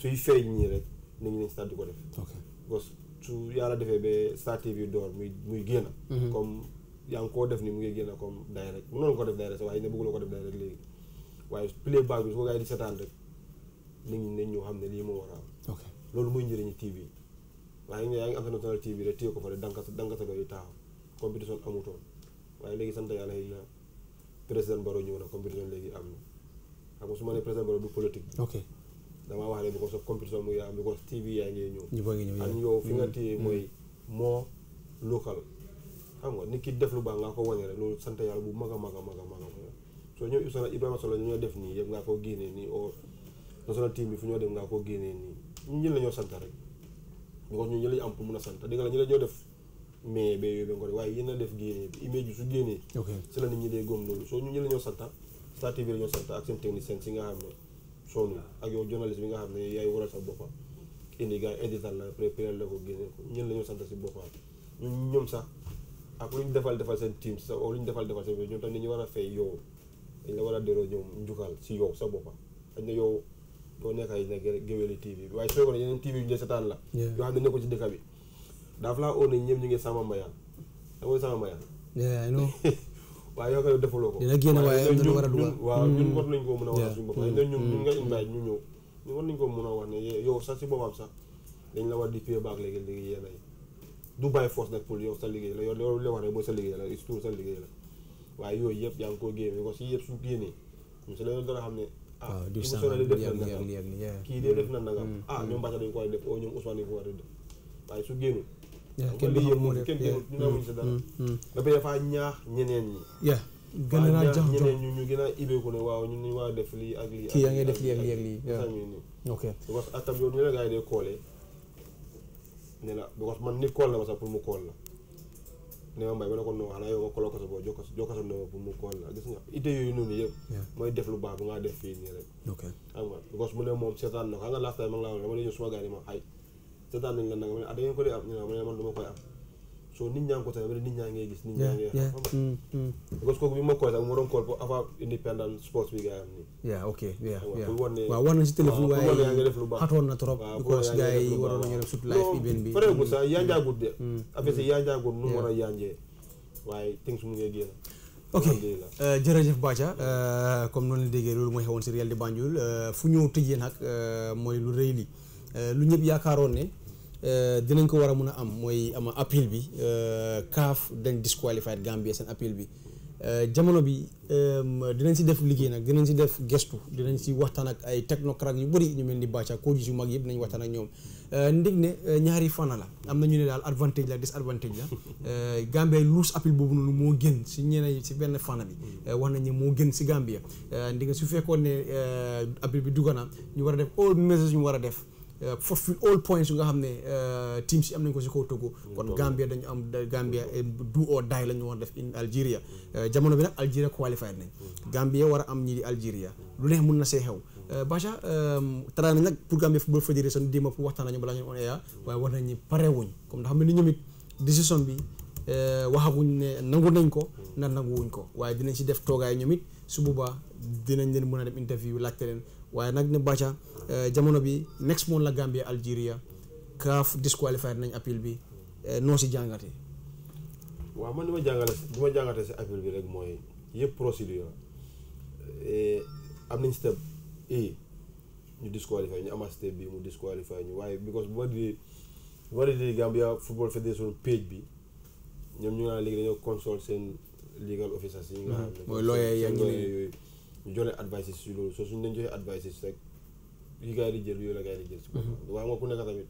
F: suy feeñ ñii rek. nit ñi nañ start di ko def parce que su yàlla defee ba Star TV door muy muy génn mhm. comme yaa ngi koo def ni mu ngi génn comme direct mu noonu ko def direct waaye ne bëgguloo ko def direct léegi waaye playback bi su ko gars yi di setaan rek ñoo xam ne lii moo war a am loolu muy njëriñu TV waaye yaa ngi am international TV rek téye ko fa rek dankas dankasalo yi taxaw compétition amutoon waaye léegi sant yàlla yi na président Barrow ñëw na compétition léegi am na xam su ma nee président Barrow du politique ok damaa wax ne because of competition mu yaa am because TV yaa ngi ñëw. ñu bëgg ñëw ak fi nga mm-hmm. téye mm-hmm. mooy moo local. xam nga nit ki def lu baax nga ko wane rek loolu sant yàlla bu mag a mag a mag a mag soo ñu def nii yëpp nga koo génnee nii oo team bi fu ñoo def nga koo génnee nii ñun ñun la ñoo sant rek. because ñu lañ am pour mun a sant dëgg la ñu la ñoo def mais ba yooyu ba nga ko waaye yéen a def génnee bi image bi su génnee. si la nit ñi dee góom loolu soo ñun ñu la ñoo sant Star TV la ñoo ak seen technicien si nga xam ne sonn ak yow journaliste bi nga xam ne yaay waral sa boppam indi gars yi édital la préparé la ko génne sant si boppam ñoom sax ak lu ñu defal defal seen team sax lu ñu defal defal seen ñoom tamit ñu war a fay yow la war a delloo ñoom njukkal si yow sa boppam dañ ne yow doo nekk ay na géwéli TV bi waaye su fekkoon yeneen TV bi ñu la yoo xam ne nekkul ci dëkk bi daaf laa oo ne ñëpp ñu ngi sama mbayaan da mooy sama mbayaan waaye yoo koy defaloo ko. dina génn a dugal waaw ñun war nañ koo mën a wax suñu mm. mën a wax ne yow sax si boppam sax dañ la war di pay baax léegi léegi yéen ay du bàyyi force nag pour yow sa liggéey la yow loolu la wax rek mooy sa liggéey la surtout sa liggéey la waaye yooyu yëpp yaa ngi ko génne ko si yëpp suñu génnee ñu si la dara xam ne ah, ah du sànq def na nangam kii dee def na mm. nangam ah mm. ñoom Mbacke dañ ko war a def o oh, ñoom Ousmane dañ ko war a def waaye su génn kenn xamul kenn déwut ñu nawuñ si dara dafa mm, mm. dafaa ñaax ñeneen ñi ya gën a naa jax ñeneen ñu ñu gën a ibeeku ne waaw ñu ñu waa def lii ak lii yaa ngi def lii ak lii ak lii ok parce que atam yoon ñu la gars yi dee koolee ne la because mu kool la ne ma mbay ba ne ko non xanaa yow nga koloo ko sa boo jokko jokko sa ne pour mu kool bu ngaa def fii nii moom seetaan na ko xam nga last time ma suma gars yi ma xay seetaan nit ñaa ngi ko nit ñaa ngay gis nit mm, mm. bi ma koy tam mu doon kool yaa waaw war na si téléphone waaye xatoon na trop because gars waroon nañu def sut live event bi pareegul sax mm, yaanjaagut de affaire si yaanjaagut nu mu war a yaanjee waaye things mu ngee euh,
A: euh, comme noonu déggee loolu mooy xewoon si Real de Banjul euh, fu ñëw tëjee nag mooy lu rëy li lu ñëpp yaakaaroon ne Euh, dinañ ko war a mun a am mooy ama appeal bi euh, CAF dañ disqualified Gambia seen appeal bi euh, jamono bi dinañ si def liggéey nag dinañ si def gestu dinañ si waxtaan ak ay technocrates yu bëri ñu mel ni bàcca kojus yu mag yëpp dinañ waxtaan ak ñoom ndig ne ñaari fana la am na ñu ne daal advantage la disadvantage la Gambia luus appel boobu noonu moo gën si ñeneen si benn fana bi wax nañ moo gën si Gambia ndig ne su fekkoon ne appel bi dugg na ñu war a def all messages ñu war a def Euh, forfeit all point yu nga xam ne euh, teams yi am nañ ko si kaw Togo mm-hmm. kon Gambia dañu am Gambia mm-hmm. eh, do or die la ñu war def in Algeria mm-hmm. euh, jamono bi nag Algeria qualifié nañ Gambia war am ñi di Algeria lu neex mun na see xew Bacha taraa nañ nag pour Gambia Football Federation démb pour waxtaan nañu balaa ñu on waaye war nañ ñi wuñ comme ndax xam ni ñoom it décision bi waxaguñ ne nangu nañ ko na nangu ko waaye dinañ si def toogaay ñoom it su boobaa dinañ leen mën a dem interview laajte leen waaye nag ne Bacha Euh, jamono bi next month la Gambia Algeria CAF disqualified nañ appeal bi euh, noo si jàngate
F: waaw man li ma jàngale li ma jàngate si appeal bi rek mooy yëpp procédure eh, am nañ step i ñu disqualify ñu amaat step bi mu disqualify ñu waaye because bu ma di bu ma di Gambia Football Federation page bi ñoom ñu ngi naan léegi dañoo consult seen legal officers yi nga xam ne mooy lawyer yi yooyu ñu joxe advices si loolu soo suñu leen joxee advices rek yi gars yi di jël yooyu la gars yi di jël si boppam mhm. waaye moom ku nekk tamit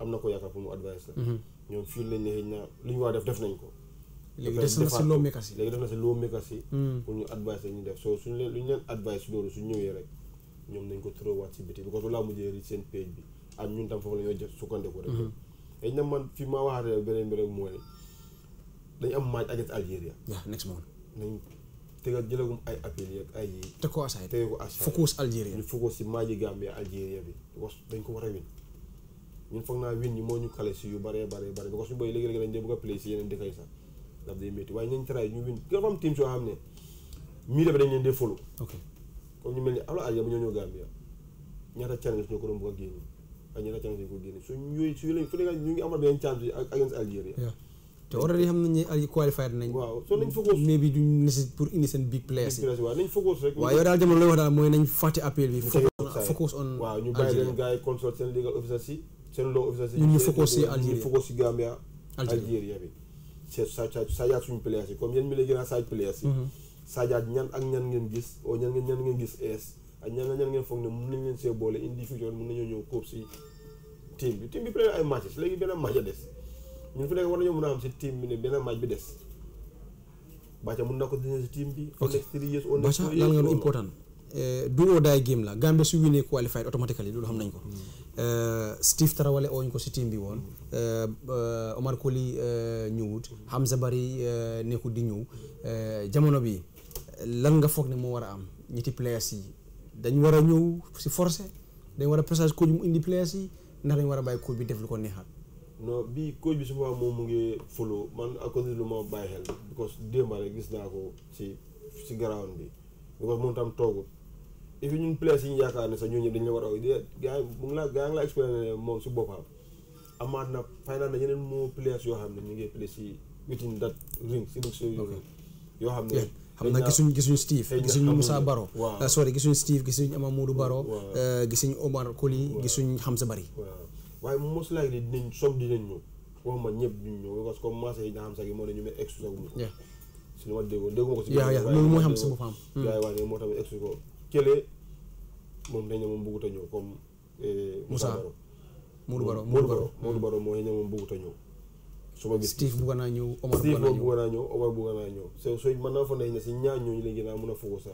F: am na ko yaakaar pour mu advice la mhm. ñoom fii lañ ne na lu ñu a def def nañ ko léegi des na si léegi mhm. def na si soo suñ ñëwee rek ñoom nañ ko trowaat si biti because laa mujjee ri seen page bi ak ñun tam foofu la ñoo jëf sukkandiku rek xëy na man fi ma waxaatee beneen bi rek mooy dañ am match against Algeria te nga jëlagum ay appels ak ay. te ko asaay te ko asaay focus Algérie ñu focus si maaji Gambie Algérie bi was dañ ko war a win ñun foog naa win ñi moo ñu kale yu bare bare bare parce que boy léegi-léegi dañ dee bëgg a play si yeneen dëkk yi sax daf day nañ try ñu win nga am team soo xam ne mii dafa dañ leen dee follow ok ñu mel ni ala Algérie bu ñoo ñëw Gambia ñaata challenge ñoo ko doon bëgg ñaata challenge ñu ko génne su yooyu su ñu leen fu nekk ñu ngi amal beneen challenge against Algérie
A: te already xam nañ ne ay qualified nañ. waaw so nañ pour indi seen big players yi.
F: waaw nañ focus rek. waaw yow ñu bàyyi leen gars yi consult seen legal officers yi seen law officers yi. ñu focus si Algérie ñu a saaj players yi. Mm-hmm. saajaat ñan oo ñan ngeen ñan ngeen gis es ak ñan ñan foog si team bi team bi play ay matches léegi benn match a des ñun fu nekk war nañoo mën a am si team bi ne benn match bi des. Bacha mën na ko dinañ si team bi. ok Bacha lan nga lu
A: important. du oo daay game la Gambia su winee qualified automatically loolu xam nañ ko. Hmm. Eh, Steve Tarawale oo ñu ko si team bi woon. Eh, eh, Omar Koli ñëwut. sa Bari nekkul di ñëw. jamono bi lan nga foog ne moo war a am ñetti players yi dañ war a ñëw si force dañ war a passage coach mu indi players yi ndax dañ war a bàyyi coach
F: bi def lu ko neexal. non bii coach bi souvent moom mu ngi follow man à cause lu ma bàyyi xel because démb rek gis naa ko ci si ground bi because moom tam toogul if ñun place yi yaakaar ne sax ñooñu dañ la war a de gaa mu ngi la gaa ngi moom si boppam amaat na fay naa ne yeneen moo place yoo xam ne ñu ngi play si within that ring si box yoo xam ne xam na gisuñ gisuñ Steve gisuñ Moussa Baro uh,
A: sorry gisuñ Steve gisuñ Amadou Baro uh, gisuñ Omar Koli gisuñ Hamza Bari
F: waaye most likely dinañ som dinañ ñëw waxuma ñëpp duñ ñëw parce que comme marché yi nga xam sax yi moo ne ñu ne exu sax mu si li xam si boppam hmm. gars yi wax ne moo tamit exu ko cëlee moom dañ ne moom ñëw comme eh, Moussa Baro Modou Baro Modou Baro Modou Baro moo ne moom a ñëw su ma gis Steve
A: bëgg naa ñëw Omar Steve bëgg
F: naa ñëw Omar bëgg naa ñëw so sooy mën naa fa ne ne si ñaar ñooñu léegi naa mën a focus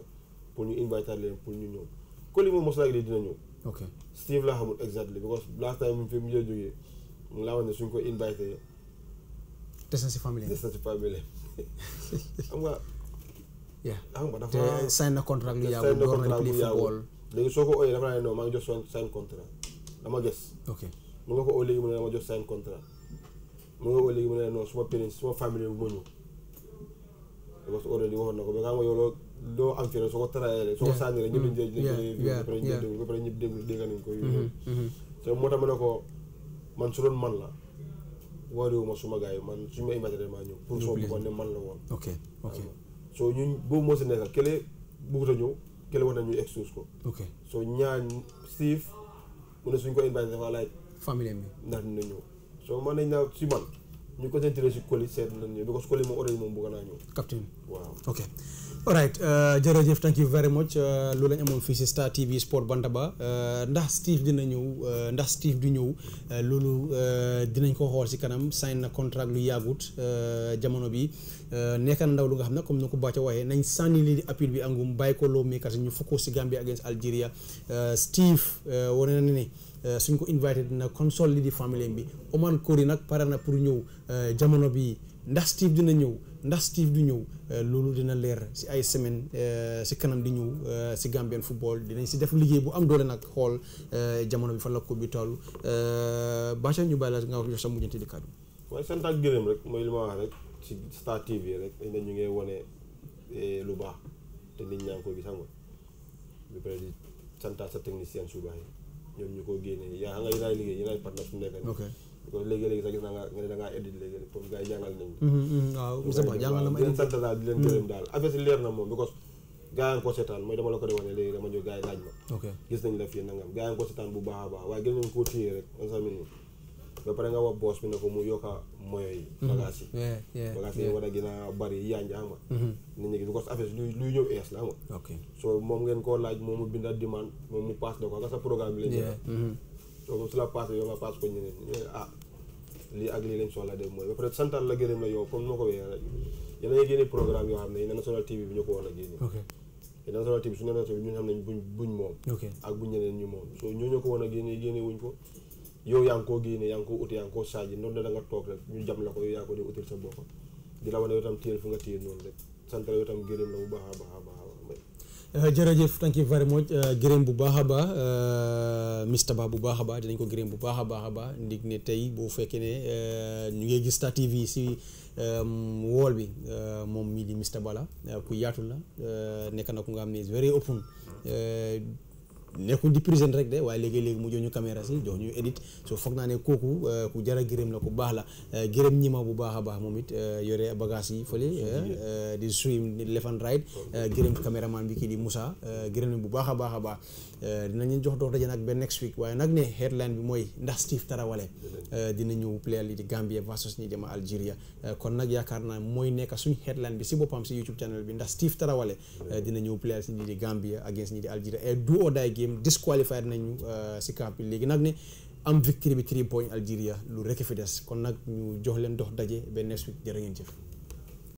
F: pour ñu invité leen pour ñu ñëw Coly moom most likely dina ñëw ok Steve laa xamul exactly because last time fi mu jël jógee mu laa wax ne suñ ko invité.
A: des na si famille des
F: na si famille xam nga. yaa xam nga dafa te sign na contract lu yàggul léegi soo ko ooyee dafa naa ne non maa jox sign contract dama gis. ok mu nga ko oo léegi mu ne dama jox sign contract mu nga ko oo léegi mu ne non suma parents suma famille bu ma ñëw. parce que already waxoon na ko mais xam nga yow loolu. loo am fi rek soo ko tarayee rek soo ko sànni rek ñëpp dañ jël ba pare ñëpp déglu dégg nañ ko te moo ma ne ko man su doon man la waariwuma suma gars yi man suñu ma invité maa ñëw pour soo ko ne man la woon ok ok soo ñun boobu moo si nekk kële bëggut a ñëw kële na ñuy ko ok soo ñaan siif mu ne suñ ko invité laaj famille mi ndax dina soo man nañ naa si man ñu concentré si Coly seet nañ ñëw parce que Coly moom orange moom bëgg naa ñëw. captain
A: ok. alright uh, jërëjëf thank you very much uh, loolu lañ amoon fii si Star TV Sport ba uh, ndax Steve dina ñëw ndax Steve du ñëw loolu dinañ ko xool si kanam sign na contrat lu yàggut jamono bi nekk na ndaw lu nga xam ne comme ni ko Bacha waxee nañ sànni lii di appel bi angum bàyyi ko loo meekat ñu focus si Gambia against Algeria Steve wane na ne. Euh, suñ ko invité dina console li di famille bi Omar Kori nag pare na pour ñëw euh, jamono bi ndax Steve dina ñëw ndax Steve du ñëw euh, loolu dina leer si ay semaine si kanam di ñëw si Gambian football dinañ si def liggéey bu am doole nag xool jamono bi fa la ko bi toll Bacha ñu bàyyi la sa mujjanti di kàddu.
F: mooy sant rek mooy li ma wax rek ci Star TV rek dañ ñu ngi wane eh, lu baax te nit ñaa ngi ko gis xam pare di sa technicien suba ñoom ñu ko génnee yaa nga yi laay liggéey yi laay partenaire su nekk ok kon léegi-léegi sax gis naa nga ne da ngaa edit léegi pour gars yi jàngal nañu mhm, mhm.
A: waaw na ma leen sant daal di leen gërëm mhm.
F: daal affaire si leer na moom because gaa yi ko seetaan mooy dama la ko de wane léegi dama ñëw gars yi laaj ma gis nañ la fii nangam gaa yi ko seetaan bu baax a baax waaye gën nañ koo téye rek ba pare nga wax boos bi ne ko mu yokka moyo yi mm-hmm. yi bagage yi war a gën a bari yànj xam nga mm-hmm. ñëw la xam nga so moom ngeen koo laaj moom mu bi ba pare santal la gërëm la a ngi génne yoo xam ne national TV bi ñu ko war a génne yéen national TV su ñu national bi ñun xam ne buñ buñ moom ak buñ ñeneen ñu moom so ñoo ñoo ko war a génne génne wuñ ko yow yaa ngi koo génne yaa ngi koo uti yaa ngi koo saaji noonu la da nga toog rek ñu jam la ko yow yaa ko di util sa bopp di la wane yow tam téel fu nga téye noonu rek sant la yow tam eh, gërëm bu baax a baax
A: a jërëjëf thank you very gërëm bu baax a baax Mr Ba bu baax a baax dinañ ko gërëm bu baax a baax a baax ndig ne tey boo fekkee ne eh, ñu ngi gis Star TV si eh, wool bi moom mii di Mr Ba la ku yaatu la nekk na ku nga am ne very open nekkul di prison rek de waaye léegi-léegi mu jox ñu caméra si jox ñu edit so foog naa ne kooku euh, ku jara gërëm la ku baax la euh, gërëm ñi ma bu baax a baax moom it euh, yore bagage yi fële di swim left and right gërëm caméraman bi kii di Moussa gërëm leen bu baax a baax a baax Euh, dinañ leen jox dox daje nag benn next week waaye nag ne headline bi mooy ndax Steve Tarawale euh, dina ñëw playal li di Gambia versus ñi dema Algeria euh, kon nag yaakaar naa mooy nekka suñ headline bi si boppam si YouTube channel bi ndax Steve Tarawale dina ñëw playal si ñi di Gambia against ñi di Algeria et do or die game disqualified nañu si camp bi léegi nag ne am victory bi three point Algeria lu rekk fi des kon nag ñu jox leen dox daje benn next week jërë ngeen jëf